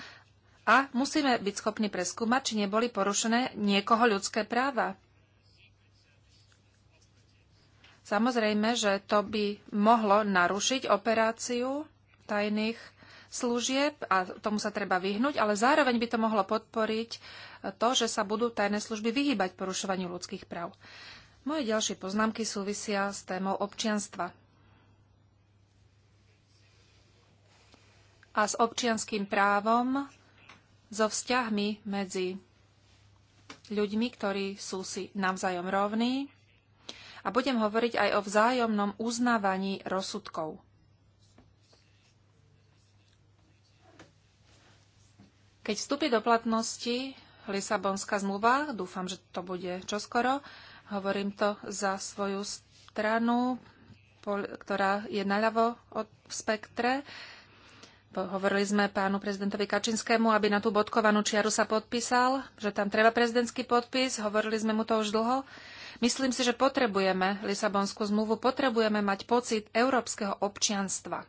a musíme byť schopní preskúmať, či neboli porušené niekoho ľudské práva. Samozrejme, že to by mohlo narušiť operáciu tajných služieb a tomu sa treba vyhnúť, ale zároveň by to mohlo podporiť to, že sa budú tajné služby vyhýbať porušovaniu ľudských práv. Moje ďalšie poznámky súvisia s témou občianstva a s občianským právom, so vzťahmi medzi ľuďmi, ktorí sú si navzájom rovní. A budem hovoriť aj o vzájomnom uznávaní rozsudkov. Keď vstúpi do platnosti Lisabonská zmluva, dúfam, že to bude čoskoro, hovorím to za svoju stranu, ktorá je naľavo od spektre, Hovorili sme pánu prezidentovi Kačinskému, aby na tú bodkovanú čiaru sa podpísal, že tam treba prezidentský podpis. Hovorili sme mu to už dlho. Myslím si, že potrebujeme Lisabonskú zmluvu, potrebujeme mať pocit európskeho občianstva.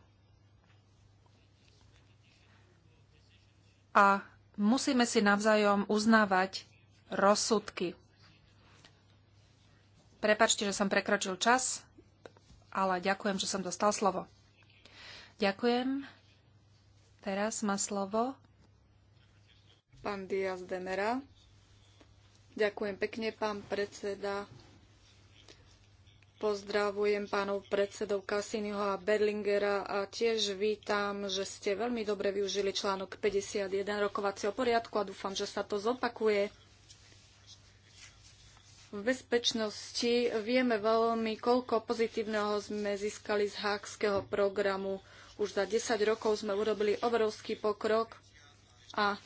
A Musíme si navzájom uznávať rozsudky. Prepačte, že som prekročil čas, ale ďakujem, že som dostal slovo. Ďakujem. Teraz má slovo pán Diaz Demera. Ďakujem pekne, pán predseda. Pozdravujem pánov predsedov Cassiniho a Berlingera a tiež vítam, že ste veľmi dobre využili článok 51 rokovacieho poriadku a dúfam, že sa to zopakuje. V bezpečnosti vieme veľmi, koľko pozitívneho sme získali z hákského programu. Už za 10 rokov sme urobili obrovský pokrok a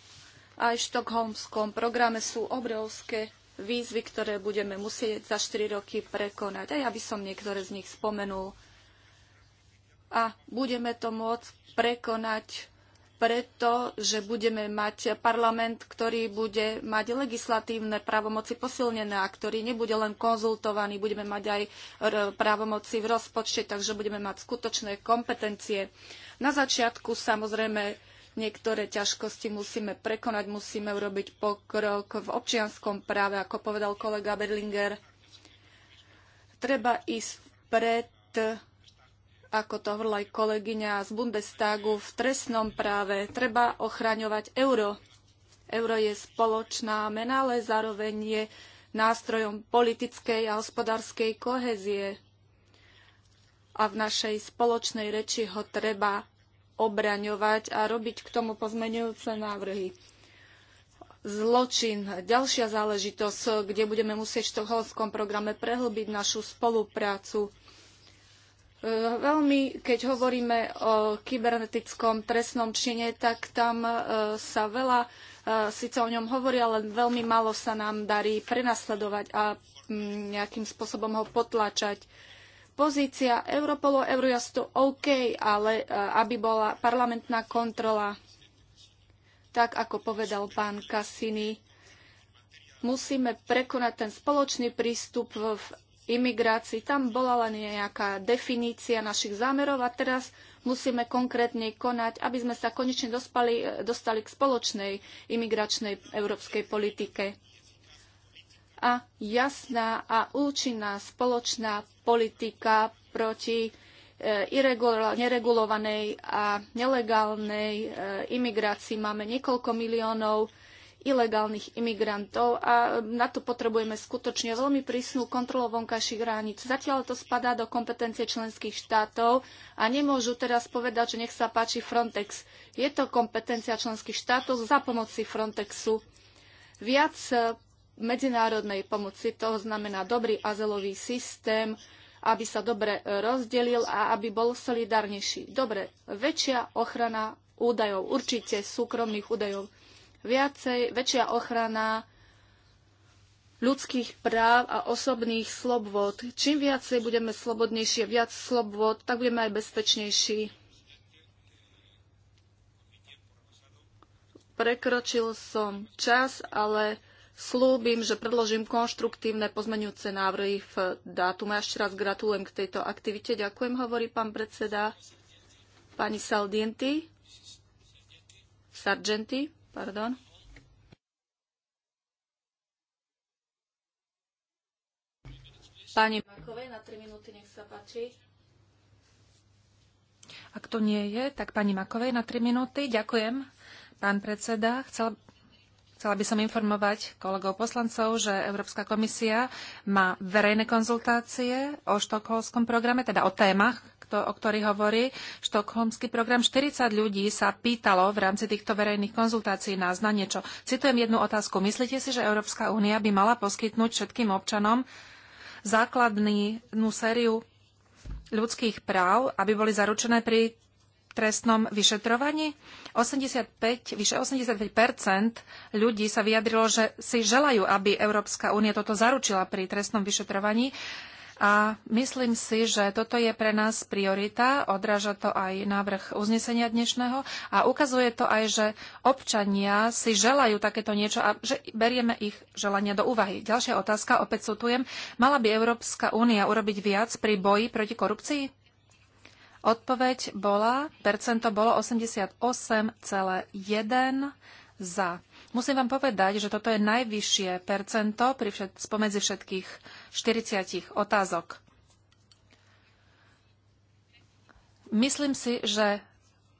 aj v štokholmskom programe sú obrovské výzvy, ktoré budeme musieť za 4 roky prekonať. A ja by som niektoré z nich spomenul. A budeme to môcť prekonať preto, že budeme mať parlament, ktorý bude mať legislatívne právomoci posilnené a ktorý nebude len konzultovaný, budeme mať aj právomoci v rozpočte, takže budeme mať skutočné kompetencie. Na začiatku samozrejme Niektoré ťažkosti musíme prekonať, musíme urobiť pokrok v občianskom práve, ako povedal kolega Berlinger. Treba ísť vpred, ako to hovorila aj kolegyňa z Bundestagu, v trestnom práve. Treba ochraňovať euro. Euro je spoločná mena, ale zároveň je nástrojom politickej a hospodárskej kohezie. A v našej spoločnej reči ho treba obraňovať a robiť k tomu pozmeňujúce návrhy. Zločin, ďalšia záležitosť, kde budeme musieť v štokholmskom programe prehlbiť našu spoluprácu. E, veľmi, keď hovoríme o kybernetickom trestnom čine, tak tam e, sa veľa, e, síce o ňom hovorí, ale veľmi málo sa nám darí prenasledovať a mm, nejakým spôsobom ho potlačať. Pozícia Europolu a Eurojustu OK, ale e, aby bola parlamentná kontrola, tak ako povedal pán Cassini, musíme prekonať ten spoločný prístup v imigrácii. Tam bola len nejaká definícia našich zámerov a teraz musíme konkrétne konať, aby sme sa konečne e, dostali k spoločnej imigračnej európskej politike a jasná a účinná spoločná politika proti e, neregulovanej a nelegálnej e, imigrácii. Máme niekoľko miliónov ilegálnych imigrantov a na to potrebujeme skutočne veľmi prísnu kontrolu vonkajších hraníc. Zatiaľ to spadá do kompetencie členských štátov a nemôžu teraz povedať, že nech sa páči Frontex. Je to kompetencia členských štátov za pomoci Frontexu. Viac medzinárodnej pomoci. To znamená dobrý azylový systém, aby sa dobre rozdelil a aby bol solidárnejší. Dobre, väčšia ochrana údajov, určite súkromných údajov. Viacej, väčšia ochrana ľudských práv a osobných slobôd. Čím viacej budeme slobodnejšie, viac slobôd, tak budeme aj bezpečnejší. Prekročil som čas, ale Slúbim, že predložím konštruktívne pozmeňujúce návrhy v dátume. Ešte raz gratulujem k tejto aktivite. Ďakujem, hovorí pán predseda. Pani Saldienti. Sargenti, pardon. Pani Makovej, na 3 minúty, nech sa páči. Ak to nie je, tak pani Makovej na 3 minúty. Ďakujem, pán predseda. Chcel Chcela by som informovať kolegov poslancov, že Európska komisia má verejné konzultácie o štokholskom programe, teda o témach, kto, o ktorých hovorí štokholmský program. 40 ľudí sa pýtalo v rámci týchto verejných konzultácií nás na niečo. Citujem jednu otázku. Myslíte si, že Európska únia by mala poskytnúť všetkým občanom základnú sériu ľudských práv, aby boli zaručené pri trestnom vyšetrovaní. 85, vyše 85 ľudí sa vyjadrilo, že si želajú, aby Európska únia toto zaručila pri trestnom vyšetrovaní. A myslím si, že toto je pre nás priorita, odráža to aj návrh uznesenia dnešného a ukazuje to aj, že občania si želajú takéto niečo a že berieme ich želania do úvahy. Ďalšia otázka, opäť sutujem. Mala by Európska únia urobiť viac pri boji proti korupcii? Odpoveď bola, percento bolo 88,1 za. Musím vám povedať, že toto je najvyššie percento pri všet, spomedzi všetkých 40 otázok. Myslím si, že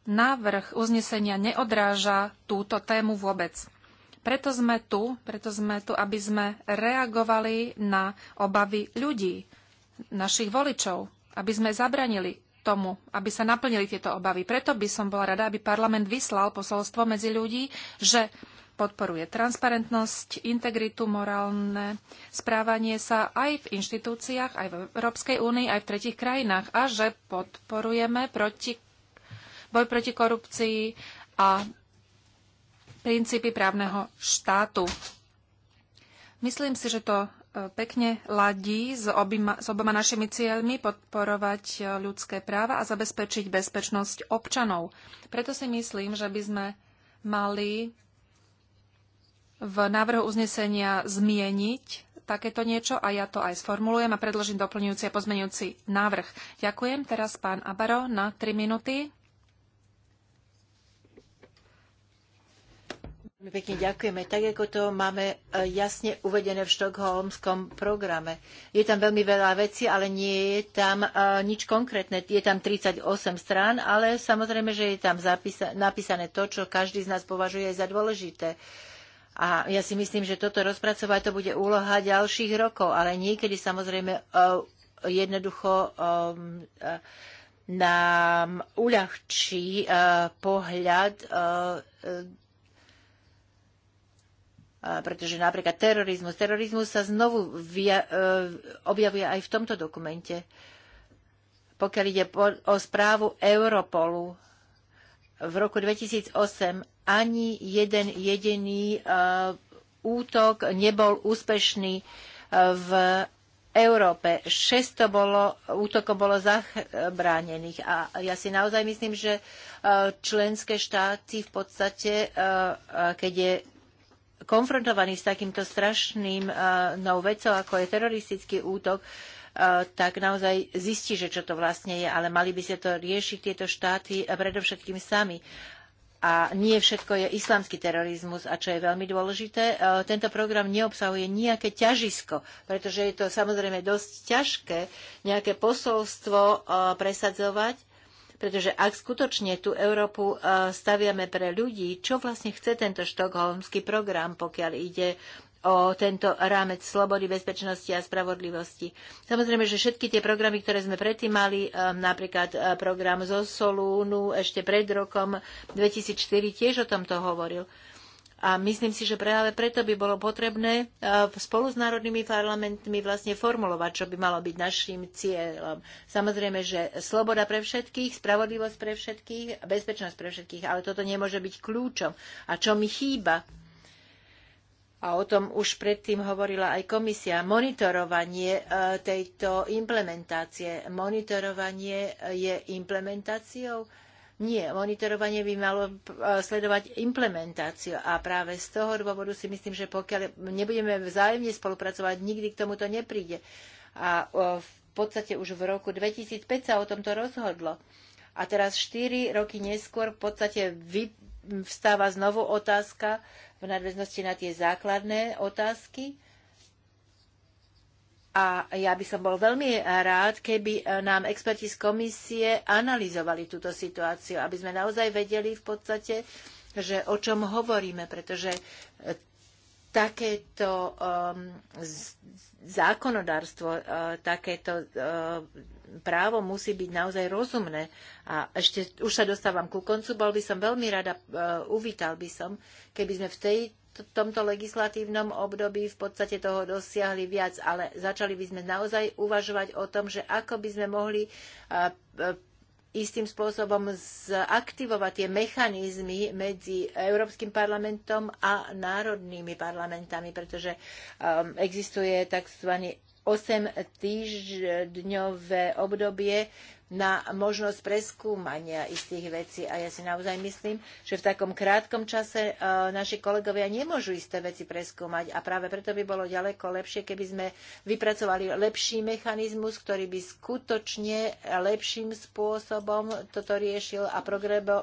návrh uznesenia neodráža túto tému vôbec. Preto sme tu, preto sme tu, aby sme reagovali na obavy ľudí, našich voličov, aby sme zabranili tomu, aby sa naplnili tieto obavy. Preto by som bola rada, aby parlament vyslal posolstvo medzi ľudí, že podporuje transparentnosť, integritu, morálne správanie sa aj v inštitúciách, aj v Európskej únii, aj v tretich krajinách a že podporujeme proti, boj proti korupcii a princípy právneho štátu. Myslím si, že to pekne ladí s, obyma, s oboma našimi cieľmi podporovať e, ľudské práva a zabezpečiť bezpečnosť občanov. Preto si myslím, že by sme mali v návrhu uznesenia zmieniť takéto niečo a ja to aj sformulujem a predložím doplňujúci a pozmeňujúci návrh. Ďakujem. Teraz pán Abaro na 3 minúty. Pekne ďakujeme. Tak ako to máme e, jasne uvedené v štokholmskom programe. Je tam veľmi veľa vecí, ale nie je tam e, nič konkrétne. Je tam 38 strán, ale samozrejme, že je tam napísané to, čo každý z nás považuje za dôležité. A ja si myslím, že toto rozpracovať to bude úloha ďalších rokov, ale niekedy samozrejme e, jednoducho nám uľahčí pohľad pretože napríklad terorizmus, terorizmus sa znovu via, e, objavuje aj v tomto dokumente. Pokiaľ ide o správu Europolu, v roku 2008 ani jeden jediný e, útok nebol úspešný e, v Európe. 600 bolo, útokov bolo zabránených a ja si naozaj myslím, že členské štáty v podstate, keď je konfrontovaní s takýmto strašným e, novou vecou, ako je teroristický útok, e, tak naozaj zistí, že čo to vlastne je, ale mali by sa to riešiť tieto štáty e, predovšetkým sami. A nie všetko je islamský terorizmus. A čo je veľmi dôležité, tento program neobsahuje nejaké ťažisko, pretože je to samozrejme dosť ťažké nejaké posolstvo presadzovať pretože ak skutočne tú Európu e, staviame pre ľudí, čo vlastne chce tento štokholmský program, pokiaľ ide o tento rámec slobody, bezpečnosti a spravodlivosti. Samozrejme, že všetky tie programy, ktoré sme predtým mali, e, napríklad e, program zo Solúnu ešte pred rokom 2004, tiež o tomto hovoril. A myslím si, že práve preto by bolo potrebné e, spolu s národnými parlamentmi vlastne formulovať, čo by malo byť našim cieľom. Samozrejme, že sloboda pre všetkých, spravodlivosť pre všetkých, bezpečnosť pre všetkých, ale toto nemôže byť kľúčom. A čo mi chýba? a o tom už predtým hovorila aj komisia, monitorovanie e, tejto implementácie. Monitorovanie je implementáciou nie, monitorovanie by malo e, sledovať implementáciu a práve z toho dôvodu si myslím, že pokiaľ nebudeme vzájomne spolupracovať, nikdy k tomuto nepríde. A e, v podstate už v roku 2005 sa o tomto rozhodlo. A teraz 4 roky neskôr v podstate vstáva znovu otázka v nadväznosti na tie základné otázky a ja by som bol veľmi rád, keby e, nám experti z komisie analyzovali túto situáciu, aby sme naozaj vedeli v podstate, že o čom hovoríme, pretože e, takéto um, zákonodárstvo, uh, takéto uh, právo musí byť naozaj rozumné. A ešte už sa dostávam ku koncu, bol by som veľmi rada, uh, uvítal by som, keby sme v tej tomto legislatívnom období v podstate toho dosiahli viac, ale začali by sme naozaj uvažovať o tom, že ako by sme mohli istým spôsobom zaktivovať tie mechanizmy medzi Európskym parlamentom a národnými parlamentami, pretože um, existuje tzv. 8 týždňové obdobie, na možnosť preskúmania istých vecí. A ja si naozaj myslím, že v takom krátkom čase e, naši kolegovia nemôžu isté veci preskúmať. A práve preto by bolo ďaleko lepšie, keby sme vypracovali lepší mechanizmus, ktorý by skutočne lepším spôsobom toto riešil a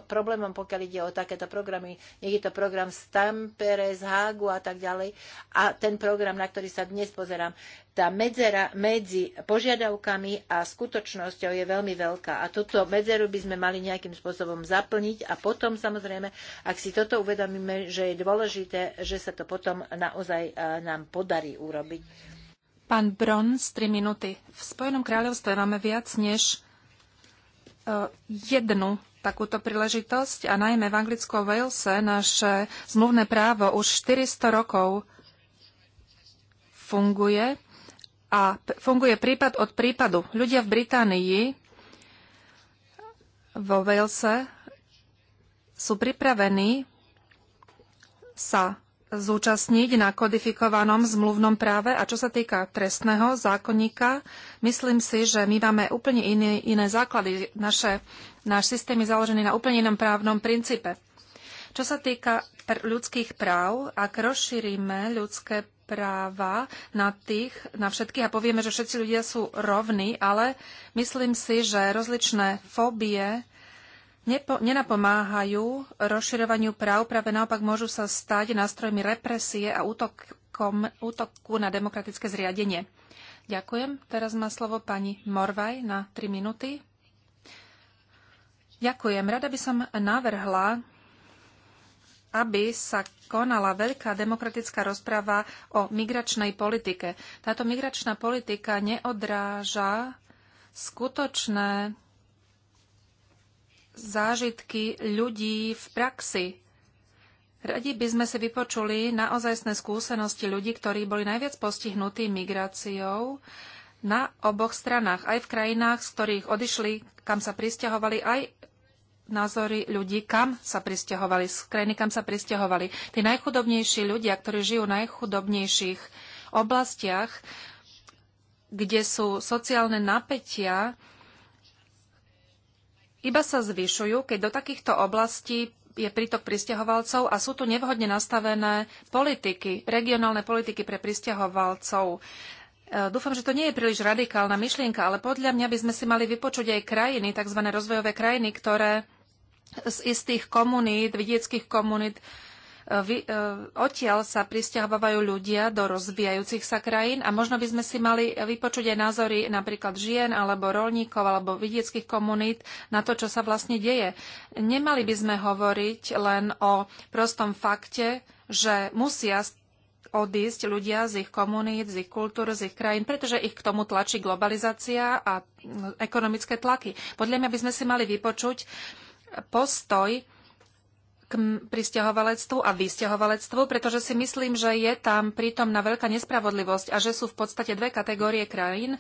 problémom, pokiaľ ide o takéto programy, nech je to program z Tampere, z Hágu a tak ďalej. A ten program, na ktorý sa dnes pozerám, tá medzera medzi požiadavkami a skutočnosťou je veľmi veľká. A túto medzeru by sme mali nejakým spôsobom zaplniť a potom samozrejme, ak si toto uvedomíme, že je dôležité, že sa to potom naozaj e, nám podarí urobiť. Pán Bron, z 3 minúty. V Spojenom kráľovstve máme viac než e, jednu takúto príležitosť a najmä v Anglicku a Walese naše zmluvné právo už 400 rokov funguje a funguje prípad od prípadu. Ľudia v Británii, vo Walese, sú pripravení sa zúčastniť na kodifikovanom zmluvnom práve. A čo sa týka trestného zákonníka, myslím si, že my máme úplne iné, iné základy. Naše, náš systém je založený na úplne inom právnom princípe. Čo sa týka ľudských práv, ak rozšírime ľudské práva na tých, na všetkých a povieme, že všetci ľudia sú rovní, ale myslím si, že rozličné fóbie nepo, nenapomáhajú rozširovaniu práv, práve naopak môžu sa stať nástrojmi represie a útokom, útoku na demokratické zriadenie. Ďakujem. Teraz má slovo pani Morvaj na 3 minúty. Ďakujem. Rada by som navrhla aby sa konala veľká demokratická rozprava o migračnej politike. Táto migračná politika neodráža skutočné zážitky ľudí v praxi. Radi by sme si vypočuli naozajstné skúsenosti ľudí, ktorí boli najviac postihnutí migráciou na oboch stranách, aj v krajinách, z ktorých odišli, kam sa pristahovali, aj názory ľudí, kam sa pristahovali, z krajiny, kam sa pristahovali. Tí najchudobnejší ľudia, ktorí žijú v najchudobnejších oblastiach, kde sú sociálne napätia, iba sa zvyšujú, keď do takýchto oblastí je prítok pristahovalcov a sú tu nevhodne nastavené politiky, regionálne politiky pre pristahovalcov. E, dúfam, že to nie je príliš radikálna myšlienka, ale podľa mňa by sme si mali vypočuť aj krajiny, tzv. rozvojové krajiny, ktoré z istých komunít, vidieckých komunít, e, vy, e, odtiaľ sa pristahovajú ľudia do rozvíjajúcich sa krajín a možno by sme si mali vypočuť aj názory napríklad žien alebo rolníkov alebo vidieckých komunít na to, čo sa vlastne deje. Nemali by sme hovoriť len o prostom fakte, že musia odísť ľudia z ich komunít, z ich kultúr, z ich krajín, pretože ich k tomu tlačí globalizácia a ekonomické tlaky. Podľa mňa by sme si mali vypočuť postoj k pristahovalectvu a vysťahovalectvu, pretože si myslím, že je tam prítomná veľká nespravodlivosť a že sú v podstate dve kategórie krajín,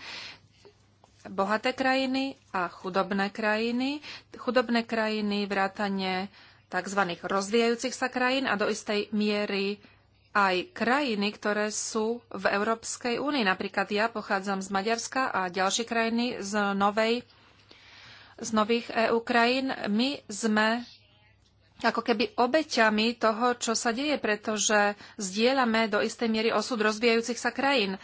bohaté krajiny a chudobné krajiny. Chudobné krajiny vrátane tzv. rozvíjajúcich sa krajín a do istej miery aj krajiny, ktoré sú v Európskej únii. Napríklad ja pochádzam z Maďarska a ďalšie krajiny z Novej z nových EU krajín. My sme ako keby obeťami toho, čo sa deje, pretože zdieľame do istej miery osud rozvíjajúcich sa krajín.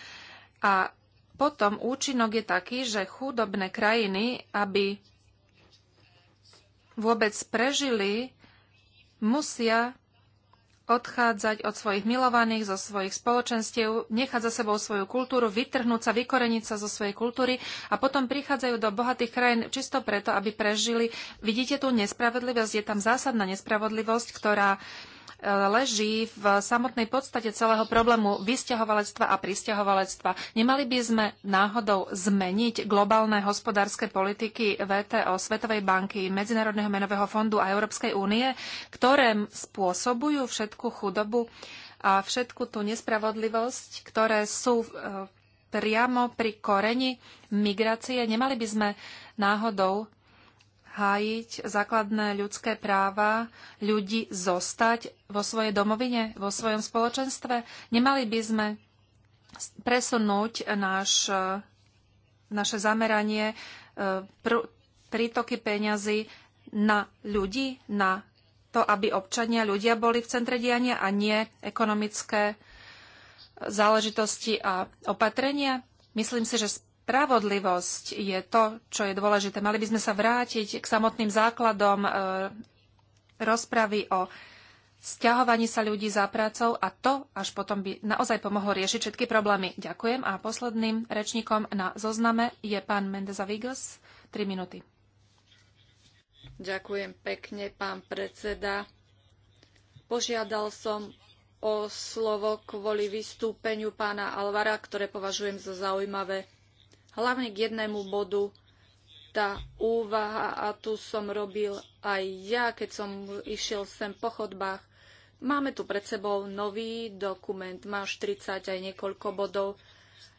A potom účinok je taký, že chudobné krajiny, aby vôbec prežili, musia odchádzať od svojich milovaných, zo svojich spoločenstiev, nechať za sebou svoju kultúru, vytrhnúť sa, vykoreniť sa zo svojej kultúry a potom prichádzajú do bohatých krajín čisto preto, aby prežili. Vidíte tú nespravodlivosť, je tam zásadná nespravodlivosť, ktorá leží v samotnej podstate celého problému vysťahovalectva a pristahovalectva. Nemali by sme náhodou zmeniť globálne hospodárske politiky VTO, Svetovej banky, Medzinárodného menového fondu a Európskej únie, ktoré spôsobujú všetku chudobu a všetku tú nespravodlivosť, ktoré sú e, priamo pri koreni migrácie. Nemali by sme náhodou hájiť základné ľudské práva ľudí zostať vo svojej domovine, vo svojom spoločenstve? Nemali by sme presunúť náš, naše zameranie e, pr- prítoky peňazí na ľudí, na to, aby občania, ľudia boli v centre diania a nie ekonomické záležitosti a opatrenia? Myslím si, že Spravodlivosť je to, čo je dôležité. Mali by sme sa vrátiť k samotným základom e, rozpravy o sťahovaní sa ľudí za prácou a to až potom by naozaj pomohlo riešiť všetky problémy. Ďakujem a posledným rečníkom na zozname je pán Mendeza Vigos. 3 minúty. Ďakujem pekne, pán predseda. Požiadal som o slovo kvôli vystúpeniu pána Alvara, ktoré považujem za zaujímavé hlavne k jednému bodu tá úvaha, a tu som robil aj ja, keď som išiel sem po chodbách. Máme tu pred sebou nový dokument, máš 30 aj niekoľko bodov,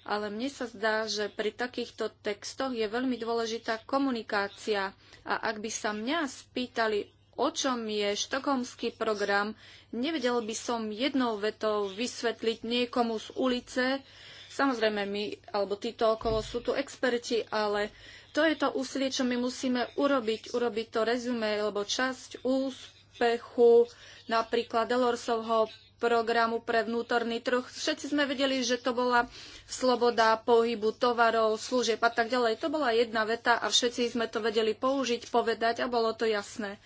ale mne sa zdá, že pri takýchto textoch je veľmi dôležitá komunikácia. A ak by sa mňa spýtali, o čom je štokholmský program, nevedel by som jednou vetou vysvetliť niekomu z ulice, Samozrejme, my, alebo títo okolo sú tu experti, ale to je to úsilie, čo my musíme urobiť, urobiť to rezume, lebo časť úspechu napríklad Delorsovho programu pre vnútorný trh. Všetci sme vedeli, že to bola sloboda pohybu tovarov, služieb a tak ďalej. To bola jedna veta a všetci sme to vedeli použiť, povedať a bolo to jasné.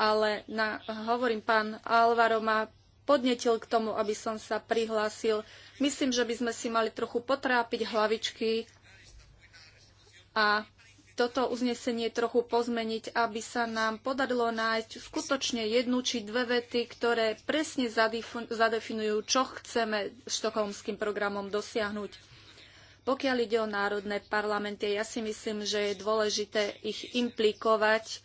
Ale na, hovorím, pán Alvaro má podnetil k tomu, aby som sa prihlásil. Myslím, že by sme si mali trochu potrápiť hlavičky a toto uznesenie trochu pozmeniť, aby sa nám podarilo nájsť skutočne jednu či dve vety, ktoré presne zadefinujú, čo chceme štokholmským programom dosiahnuť. Pokiaľ ide o národné parlamenty, ja si myslím, že je dôležité ich implikovať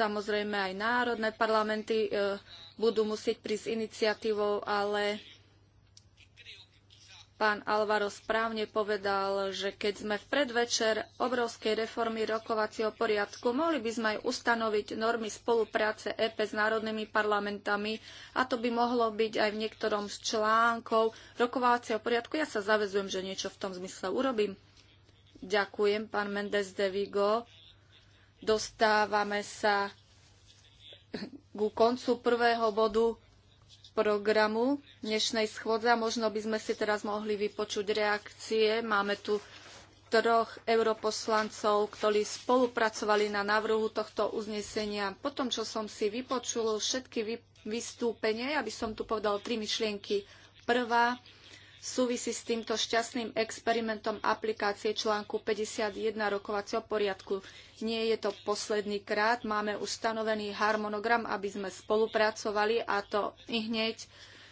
Samozrejme aj národné parlamenty e, budú musieť prísť iniciatívou, ale pán Alvaro správne povedal, že keď sme v predvečer obrovskej reformy rokovacieho poriadku, mohli by sme aj ustanoviť normy spolupráce EP s národnými parlamentami a to by mohlo byť aj v niektorom z článkov rokovacieho poriadku. Ja sa zavezujem, že niečo v tom zmysle urobím. Ďakujem, pán Mendes de Vigo. Dostávame sa ku koncu prvého bodu programu dnešnej schôdza. Možno by sme si teraz mohli vypočuť reakcie. Máme tu troch europoslancov, ktorí spolupracovali na návrhu tohto uznesenia. Po tom, čo som si vypočul všetky vystúpenia, ja by som tu povedal tri myšlienky. Prvá, súvisí s týmto šťastným experimentom aplikácie článku 51 rokovacieho poriadku. Nie je to posledný krát, máme ustanovený harmonogram, aby sme spolupracovali a to i hneď.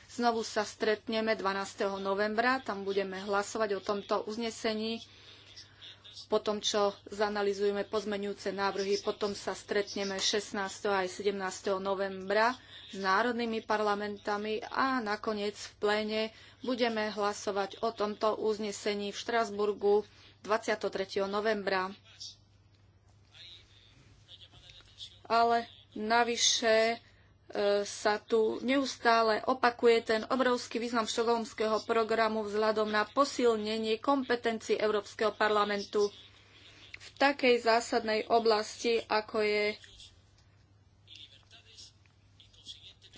Znovu sa stretneme 12. novembra, tam budeme hlasovať o tomto uznesení. Po tom, čo zanalizujeme pozmenujúce návrhy, potom sa stretneme 16. aj 17. novembra s národnými parlamentami a nakoniec v pléne budeme hlasovať o tomto uznesení v Štrasburgu 23. novembra. Ale navyše e, sa tu neustále opakuje ten obrovský význam štokholmského programu vzhľadom na posilnenie kompetencií Európskeho parlamentu v takej zásadnej oblasti, ako je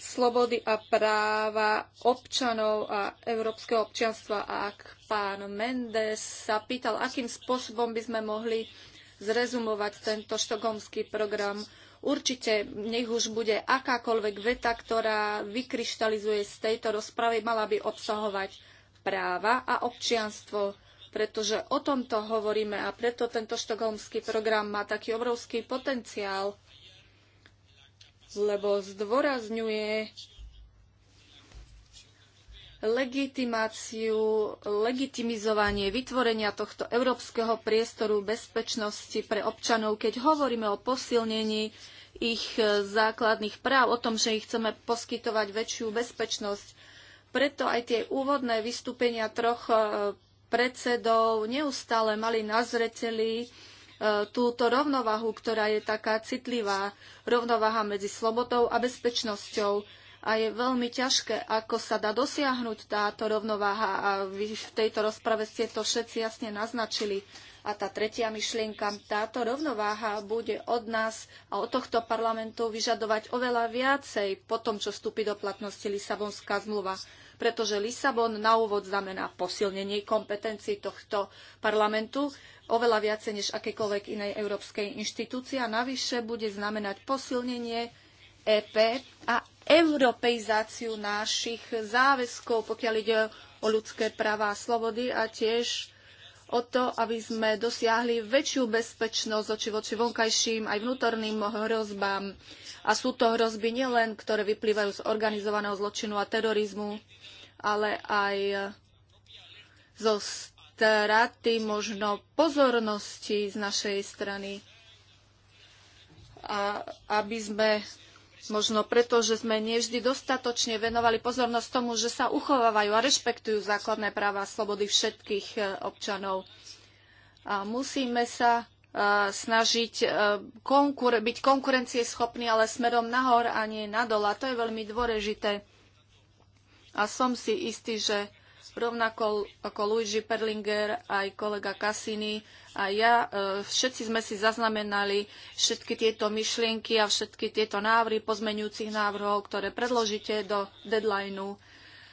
slobody a práva občanov a európskeho občianstva. A ak pán Mendes sa pýtal, akým spôsobom by sme mohli zrezumovať tento štokholmský program, určite nech už bude akákoľvek veta, ktorá vykryštalizuje z tejto rozpravy, mala by obsahovať práva a občianstvo pretože o tomto hovoríme a preto tento štokholmský program má taký obrovský potenciál lebo zdôrazňuje legitimáciu, legitimizovanie vytvorenia tohto európskeho priestoru bezpečnosti pre občanov, keď hovoríme o posilnení ich e, základných práv, o tom, že ich chceme poskytovať väčšiu bezpečnosť. Preto aj tie úvodné vystúpenia troch e, predsedov neustále mali na zreteli túto rovnovahu, ktorá je taká citlivá, rovnováha medzi slobodou a bezpečnosťou. A je veľmi ťažké, ako sa dá dosiahnuť táto rovnováha. A vy v tejto rozprave ste to všetci jasne naznačili. A tá tretia myšlienka, táto rovnováha bude od nás a od tohto parlamentu vyžadovať oveľa viacej po tom, čo vstúpi do platnosti Lisabonská zmluva pretože Lisabon na úvod znamená posilnenie kompetencií tohto parlamentu oveľa viacej než akékoľvek inej európskej inštitúcie a navyše bude znamenať posilnenie EP a europeizáciu našich záväzkov, pokiaľ ide o ľudské práva a slobody a tiež o to, aby sme dosiahli väčšiu bezpečnosť oči voči vonkajším aj vnútorným hrozbám. A sú to hrozby nielen, ktoré vyplývajú z organizovaného zločinu a terorizmu, ale aj zo straty možno pozornosti z našej strany. A aby sme možno preto, že sme nevždy dostatočne venovali pozornosť tomu, že sa uchovávajú a rešpektujú základné práva a slobody všetkých eh, občanov. A musíme sa snažiť konkur- byť konkurencieschopný, ale smerom nahor a nie nadol. A to je veľmi dôležité. A som si istý, že rovnako ako Luigi Perlinger, aj kolega Cassini a ja, e, všetci sme si zaznamenali všetky tieto myšlienky a všetky tieto návrhy pozmenujúcich návrhov, ktoré predložíte do deadlineu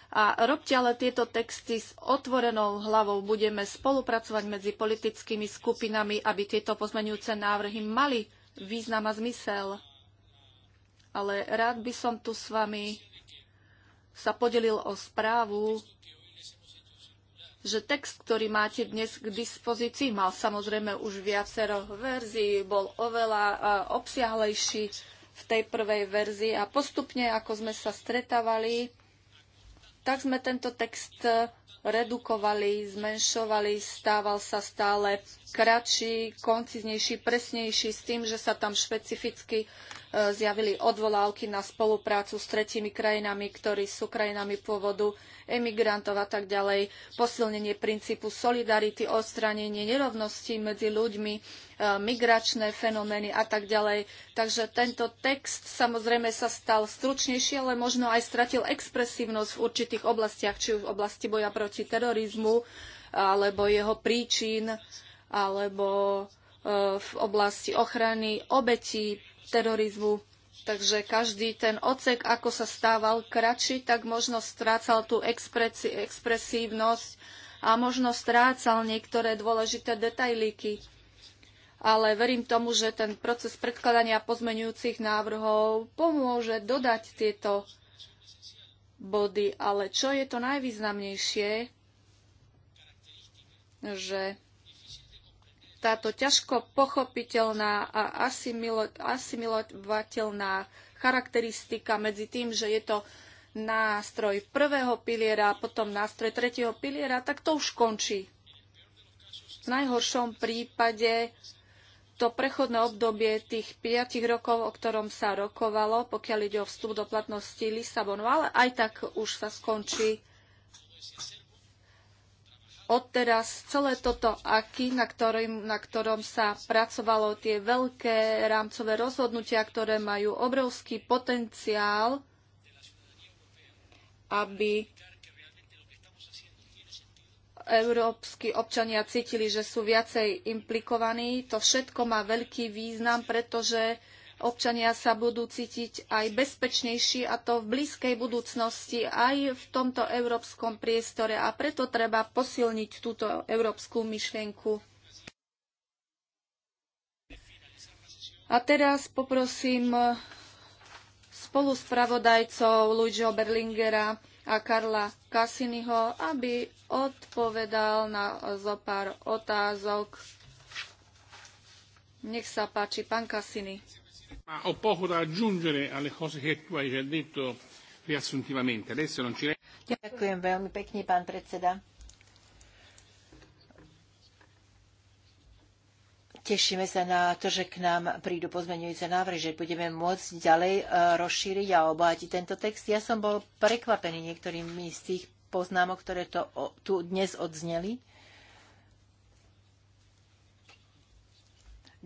a robte ale tieto texty s otvorenou hlavou. Budeme spolupracovať medzi politickými skupinami, aby tieto pozmenujúce návrhy mali význam a zmysel. Ale rád by som tu s vami sa podelil o správu, že text, ktorý máte dnes k dispozícii, mal samozrejme už viacero verzií, bol oveľa obsiahlejší v tej prvej verzii a postupne, ako sme sa stretávali, tak sme tento text e, redukovali, zmenšovali, stával sa stále kratší, konciznejší, presnejší s tým, že sa tam špecificky E, zjavili odvolávky na spoluprácu s tretími krajinami, ktorí sú krajinami pôvodu emigrantov a tak ďalej, posilnenie princípu solidarity, odstránenie nerovností medzi ľuďmi, e, migračné fenomény a tak ďalej. Takže tento text samozrejme sa stal stručnejší, ale možno aj stratil expresívnosť v určitých oblastiach, či už v oblasti boja proti terorizmu, alebo jeho príčin, alebo e, v oblasti ochrany obetí terorizmu. Takže každý ten ocek, ako sa stával kratší, tak možno strácal tú expresi- expresívnosť a možno strácal niektoré dôležité detailíky. Ale verím tomu, že ten proces predkladania pozmenujúcich návrhov pomôže dodať tieto body. Ale čo je to najvýznamnejšie, že táto ťažko pochopiteľná a asimilo, asimilovateľná charakteristika medzi tým, že je to nástroj prvého piliera a potom nástroj tretieho piliera, tak to už končí. V najhoršom prípade to prechodné obdobie tých 5 rokov, o ktorom sa rokovalo, pokiaľ ide o vstup do platnosti Lisabonu, ale aj tak už sa skončí odteraz celé toto aky, na, ktorým, na ktorom sa pracovalo tie veľké rámcové rozhodnutia, ktoré majú obrovský potenciál, aby európsky občania cítili, že sú viacej implikovaní. To všetko má veľký význam, pretože občania sa budú cítiť aj bezpečnejší a to v blízkej budúcnosti aj v tomto európskom priestore a preto treba posilniť túto európsku myšlienku. A teraz poprosím spoluspravodajcov Luigiho Berlingera a Karla Cassiniho, aby odpovedal na zo pár otázok. Nech sa páči, pán Cassini. Ma ho poco da aggiungere alle cose che tu hai già detto riassuntivamente. Adesso non ci... Ďakujem veľmi pekne, pán predseda. Tešíme sa na to, že k nám prídu pozmeňujúce návrhy, že budeme môcť ďalej e, rozšíriť a obohatiť tento text. Ja som bol prekvapený niektorými z tých poznámok, ktoré to, tu dnes odzneli.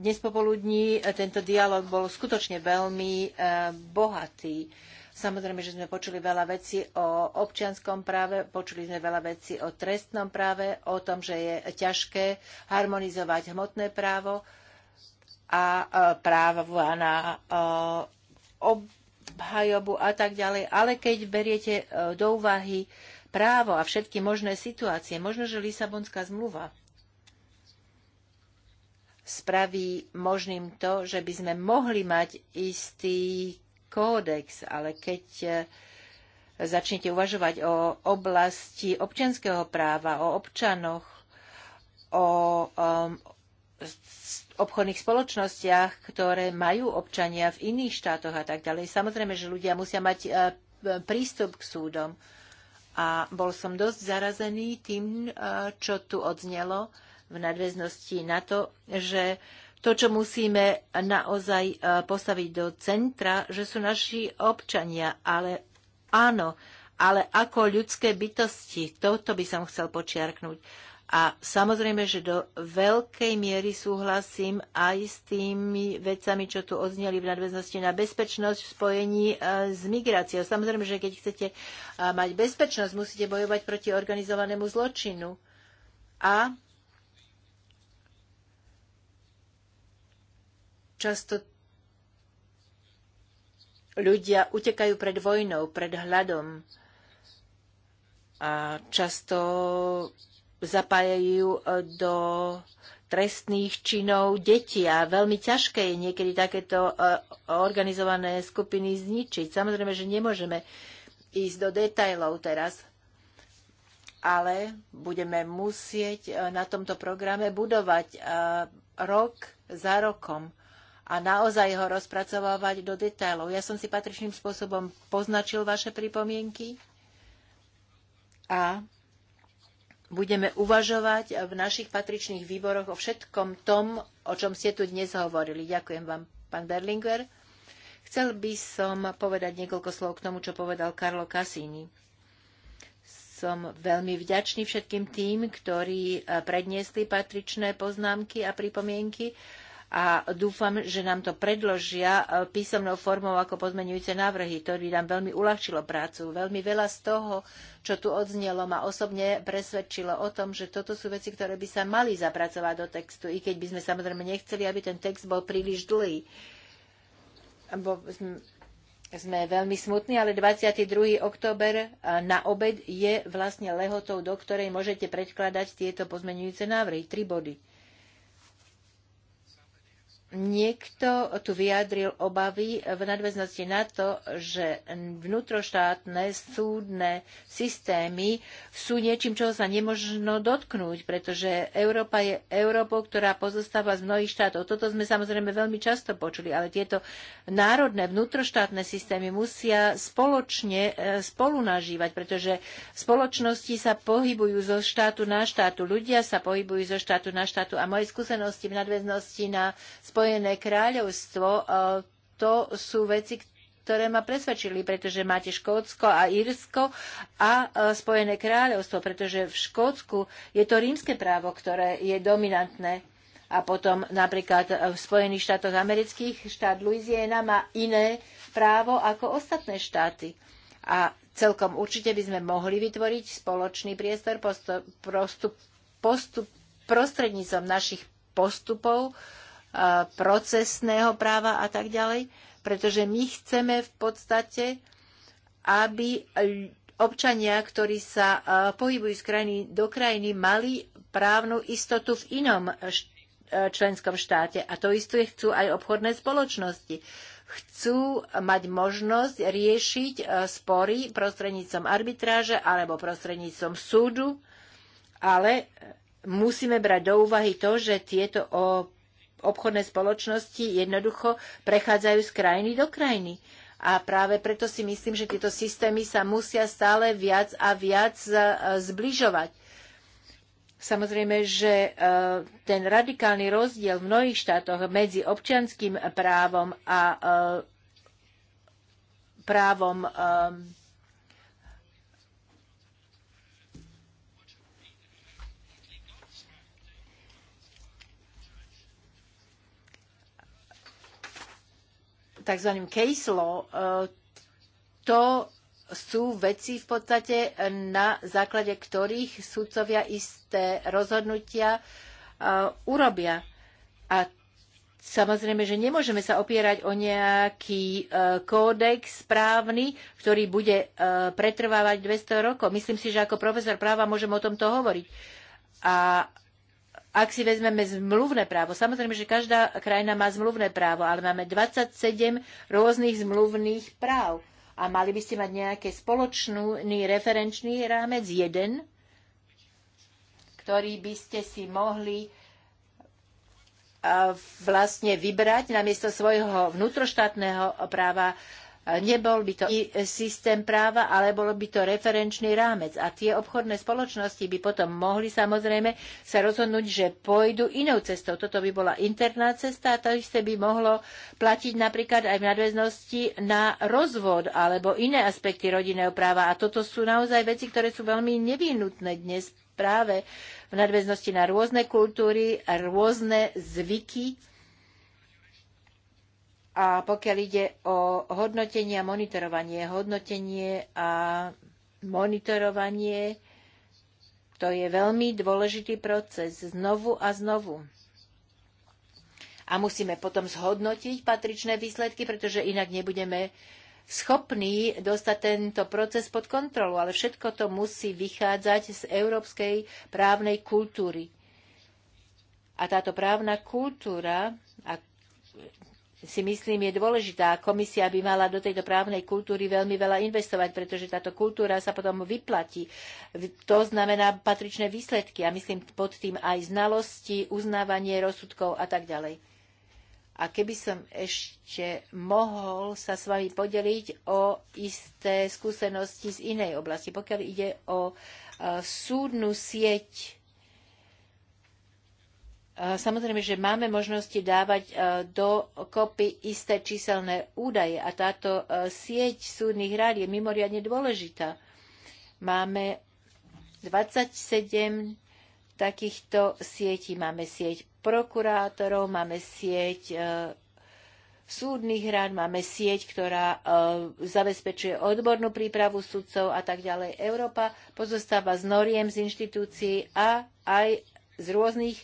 Dnes popoludní e, tento dialog bol skutočne veľmi e, bohatý. Samozrejme, že sme počuli veľa vecí o občianskom práve, počuli sme veľa vecí o trestnom práve, o tom, že je ťažké harmonizovať hmotné právo a e, právo na obhajobu a tak ďalej. Ale keď beriete do úvahy právo a všetky možné situácie, možno, že Lisabonská zmluva spraví možným to, že by sme mohli mať istý kódex, ale keď eh, začnete uvažovať o oblasti občianského práva, o občanoch, o um, obchodných spoločnostiach, ktoré majú občania v iných štátoch a tak ďalej. Samozrejme, že ľudia musia mať eh, eh, prístup k súdom. A bol som dosť zarazený tým, čo tu odznelo v nadväznosti na to, že to, čo musíme naozaj e, postaviť do centra, že sú naši občania, ale áno, ale ako ľudské bytosti. Toto by som chcel počiarknúť. A samozrejme, že do veľkej miery súhlasím aj s tými vecami, čo tu odzneli v nadväznosti na bezpečnosť v spojení e, s migráciou. Samozrejme, že keď chcete e, mať bezpečnosť, musíte bojovať proti organizovanému zločinu. A Často ľudia utekajú pred vojnou, pred hľadom a často zapájajú e, do trestných činov deti a veľmi ťažké je niekedy takéto e, organizované skupiny zničiť. Samozrejme, že nemôžeme ísť do detajlov teraz, ale budeme musieť e, na tomto programe budovať rok za rokom a naozaj ho rozpracovávať do detailov. Ja som si patričným spôsobom poznačil vaše pripomienky a budeme uvažovať v našich patričných výboroch o všetkom tom, o čom ste tu dnes hovorili. Ďakujem vám, pán Berlinguer. Chcel by som povedať niekoľko slov k tomu, čo povedal Karlo Cassini. Som veľmi vďačný všetkým tým, ktorí predniesli patričné poznámky a pripomienky a dúfam, že nám to predložia e, písomnou formou ako pozmenujúce návrhy. To by nám veľmi uľahčilo prácu. Veľmi veľa z toho, čo tu odznelo, ma osobne presvedčilo o tom, že toto sú veci, ktoré by sa mali zapracovať do textu, i keď by sme samozrejme nechceli, aby ten text bol príliš dlhý. Bo sme veľmi smutní, ale 22. október e, na obed je vlastne lehotou, do ktorej môžete predkladať tieto pozmenujúce návrhy. Tri body. Niekto tu vyjadril obavy v nadväznosti na to, že vnútroštátne súdne systémy sú niečím, čoho sa nemožno dotknúť, pretože Európa je Európou, ktorá pozostáva z mnohých štátov. Toto sme samozrejme veľmi často počuli, ale tieto národné vnútroštátne systémy musia spoločne e, spolunažívať, pretože spoločnosti sa pohybujú zo štátu na štátu, ľudia sa pohybujú zo štátu na štátu a moje skúsenosti v nadväznosti na spoločnosti Spojené kráľovstvo, e, to sú veci, ktoré ma presvedčili, pretože máte Škótsko a Írsko a e, Spojené kráľovstvo, pretože v Škótsku je to rímske právo, ktoré je dominantné a potom napríklad e, v Spojených štátoch amerických štát Louisiana má iné právo ako ostatné štáty. A celkom určite by sme mohli vytvoriť spoločný priestor postup, postup, prostrednícom našich postupov, procesného práva a tak ďalej, pretože my chceme v podstate, aby občania, ktorí sa pohybujú z krajiny do krajiny, mali právnu istotu v inom členskom štáte. A to isté chcú aj obchodné spoločnosti chcú mať možnosť riešiť spory prostrednícom arbitráže alebo prostrednícom súdu, ale musíme brať do úvahy to, že tieto obchodné spoločnosti jednoducho prechádzajú z krajiny do krajiny. A práve preto si myslím, že tieto systémy sa musia stále viac a viac e, zbližovať. Samozrejme, že e, ten radikálny rozdiel v mnohých štátoch medzi občianským právom a e, právom tzv. case law, e, to sú veci v podstate, na základe ktorých sudcovia isté rozhodnutia e, urobia. A samozrejme, že nemôžeme sa opierať o nejaký e, kódex právny, ktorý bude pretrvávať 200 rokov. Myslím si, že ako profesor práva môžem o tomto hovoriť. A ak si vezmeme zmluvné právo, samozrejme, že každá krajina má zmluvné právo, ale máme 27 rôznych zmluvných práv. A mali by ste mať nejaký spoločný referenčný rámec, jeden, ktorý by ste si mohli vlastne vybrať namiesto svojho vnútroštátneho práva Nebol by to systém práva, ale bolo by to referenčný rámec. A tie obchodné spoločnosti by potom mohli samozrejme sa rozhodnúť, že pôjdu inou cestou. Toto by bola interná cesta a to isté by mohlo platiť napríklad aj v nadväznosti na rozvod alebo iné aspekty rodinného práva. A toto sú naozaj veci, ktoré sú veľmi nevyhnutné dnes práve v nadväznosti na rôzne kultúry, rôzne zvyky a pokiaľ ide o hodnotenie a monitorovanie, hodnotenie a monitorovanie, to je veľmi dôležitý proces znovu a znovu. A musíme potom zhodnotiť patričné výsledky, pretože inak nebudeme schopní dostať tento proces pod kontrolu. Ale všetko to musí vychádzať z európskej právnej kultúry. A táto právna kultúra, a si myslím, je dôležitá. Komisia by mala do tejto právnej kultúry veľmi veľa investovať, pretože táto kultúra sa potom vyplatí. To znamená patričné výsledky a myslím pod tým aj znalosti, uznávanie rozsudkov a tak ďalej. A keby som ešte mohol sa s vami podeliť o isté skúsenosti z inej oblasti, pokiaľ ide o e, súdnu sieť E, samozrejme, že máme možnosti dávať e, do kopy isté číselné údaje a táto e, sieť súdnych rád je mimoriadne dôležitá. Máme 27 takýchto sietí. Máme sieť prokurátorov, máme sieť súdnych rád, máme sieť, ktorá zabezpečuje odbornú prípravu sudcov a tak ďalej. Európa pozostáva z noriem, z inštitúcií a aj z rôznych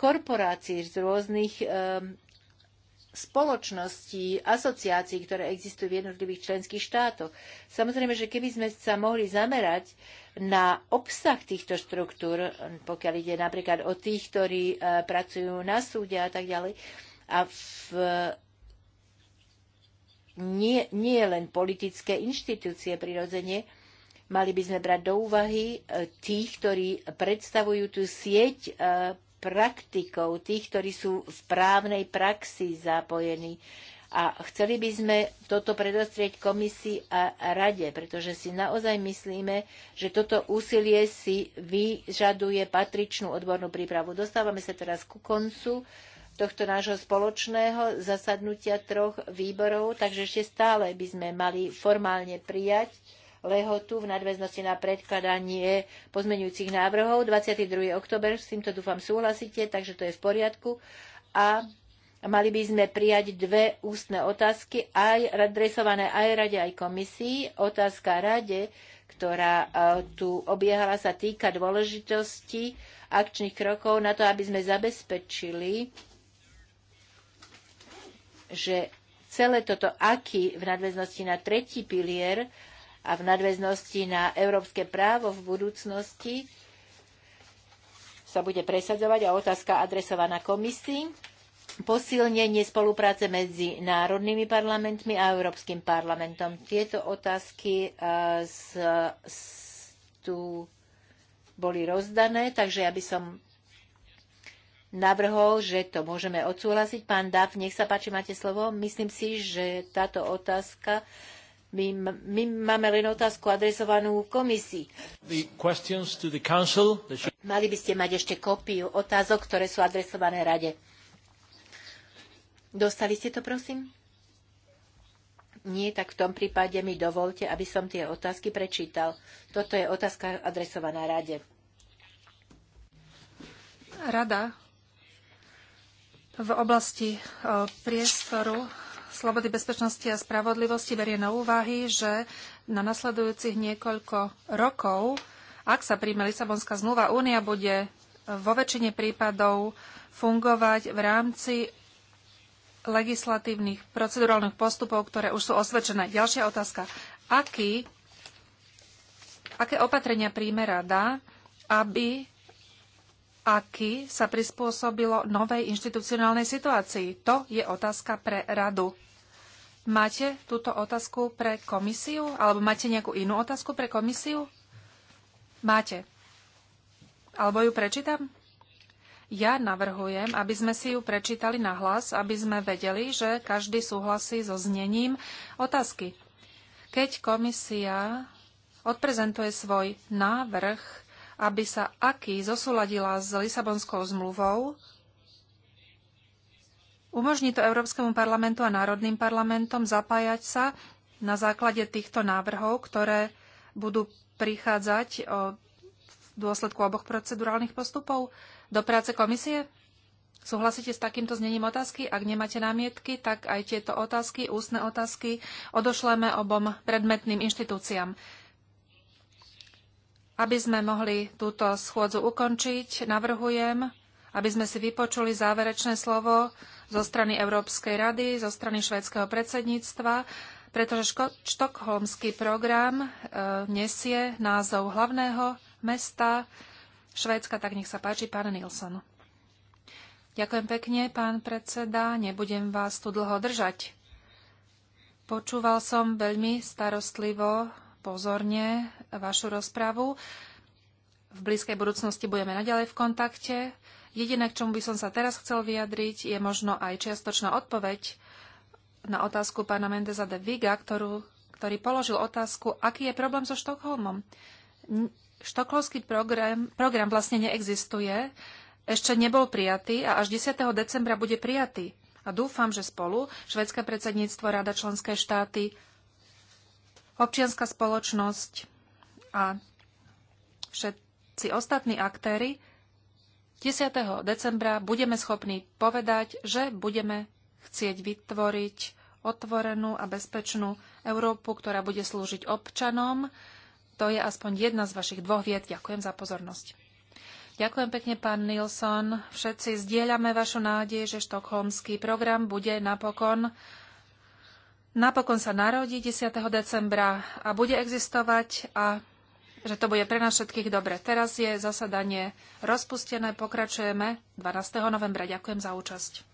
korporácií, z rôznych eh, spoločností, asociácií, ktoré existujú v jednotlivých členských štátoch. Samozrejme, že keby sme sa mohli zamerať na obsah týchto štruktúr, pokiaľ ide napríklad o tých, ktorí eh, pracujú na súde a tak ďalej, a v, nie, nie len politické inštitúcie prirodzene, mali by sme brať do úvahy eh, tých, ktorí predstavujú tú sieť praktikov, tých, ktorí sú v právnej praxi zapojení. A chceli by sme toto predostrieť komisii a rade, pretože si naozaj myslíme, že toto úsilie si vyžaduje patričnú odbornú prípravu. Dostávame sa teraz ku koncu tohto nášho spoločného zasadnutia troch výborov, takže ešte stále by sme mali formálne prijať lehotu v nadväznosti na predkladanie pozmeňujúcich návrhov. 22. oktober, s týmto dúfam súhlasíte, takže to je v poriadku. A mali by sme prijať dve ústne otázky, aj adresované aj rade, aj komisii. Otázka rade, ktorá e, tu obiehala, sa týka dôležitosti akčných krokov na to, aby sme zabezpečili, že celé toto aký v nadväznosti na tretí pilier a v nadväznosti na európske právo v budúcnosti sa bude presadzovať a otázka adresovaná komisii posilnenie spolupráce medzi národnými parlamentmi a Európskym parlamentom. Tieto otázky z, e, z, tu boli rozdané, takže ja by som navrhol, že to môžeme odsúhlasiť. Pán Daf, nech sa páči, máte slovo. Myslím si, že táto otázka my, my máme len otázku adresovanú komisii. Council, Mali by ste mať ešte kópiu otázok, ktoré sú adresované rade. Dostali ste to, prosím? Nie, tak v tom prípade mi dovolte, aby som tie otázky prečítal. Toto je otázka adresovaná rade. Rada v oblasti e, priestoru slobody, bezpečnosti a spravodlivosti berie na úvahy, že na nasledujúcich niekoľko rokov, ak sa príjme Lisabonská zmluva, Únia bude vo väčšine prípadov fungovať v rámci legislatívnych procedurálnych postupov, ktoré už sú osvedčené. Ďalšia otázka. Aký, aké opatrenia príjme rada, aby aký sa prispôsobilo novej inštitucionálnej situácii? To je otázka pre radu. Máte túto otázku pre komisiu? Alebo máte nejakú inú otázku pre komisiu? Máte. Alebo ju prečítam? Ja navrhujem, aby sme si ju prečítali na hlas, aby sme vedeli, že každý súhlasí so znením otázky. Keď komisia odprezentuje svoj návrh, aby sa aký zosúladila s Lisabonskou zmluvou, Umožní to Európskemu parlamentu a národným parlamentom zapájať sa na základe týchto návrhov, ktoré budú prichádzať v dôsledku oboch procedurálnych postupov do práce komisie? Súhlasíte s takýmto znením otázky? Ak nemáte námietky, tak aj tieto otázky, ústne otázky, odošleme obom predmetným inštitúciám. Aby sme mohli túto schôdzu ukončiť, navrhujem, aby sme si vypočuli záverečné slovo zo strany Európskej rady, zo strany švédskeho predsedníctva, pretože štokholmský program e, nesie názov hlavného mesta Švédska, tak nech sa páči, pán Nilsson. Ďakujem pekne, pán predseda, nebudem vás tu dlho držať. Počúval som veľmi starostlivo, pozorne vašu rozpravu. V blízkej budúcnosti budeme naďalej v kontakte. Jediné, k čomu by som sa teraz chcel vyjadriť, je možno aj čiastočná odpoveď na otázku pána Mendeza de Viga, ktorú, ktorý položil otázku, aký je problém so Štokholmom. Štokholmský program, program vlastne neexistuje, ešte nebol prijatý a až 10. decembra bude prijatý. A dúfam, že spolu švedské predsedníctvo, Rada členské štáty, občianská spoločnosť a všetci ostatní aktéry 10. decembra budeme schopní povedať, že budeme chcieť vytvoriť otvorenú a bezpečnú Európu, ktorá bude slúžiť občanom. To je aspoň jedna z vašich dvoch vied. Ďakujem za pozornosť. Ďakujem pekne, pán Nilsson. Všetci zdieľame vašu nádej, že štokholmský program bude napokon napokon sa narodí 10. decembra a bude existovať a že to bude pre nás všetkých dobre. Teraz je zasadanie rozpustené, pokračujeme 12. novembra. Ďakujem za účasť.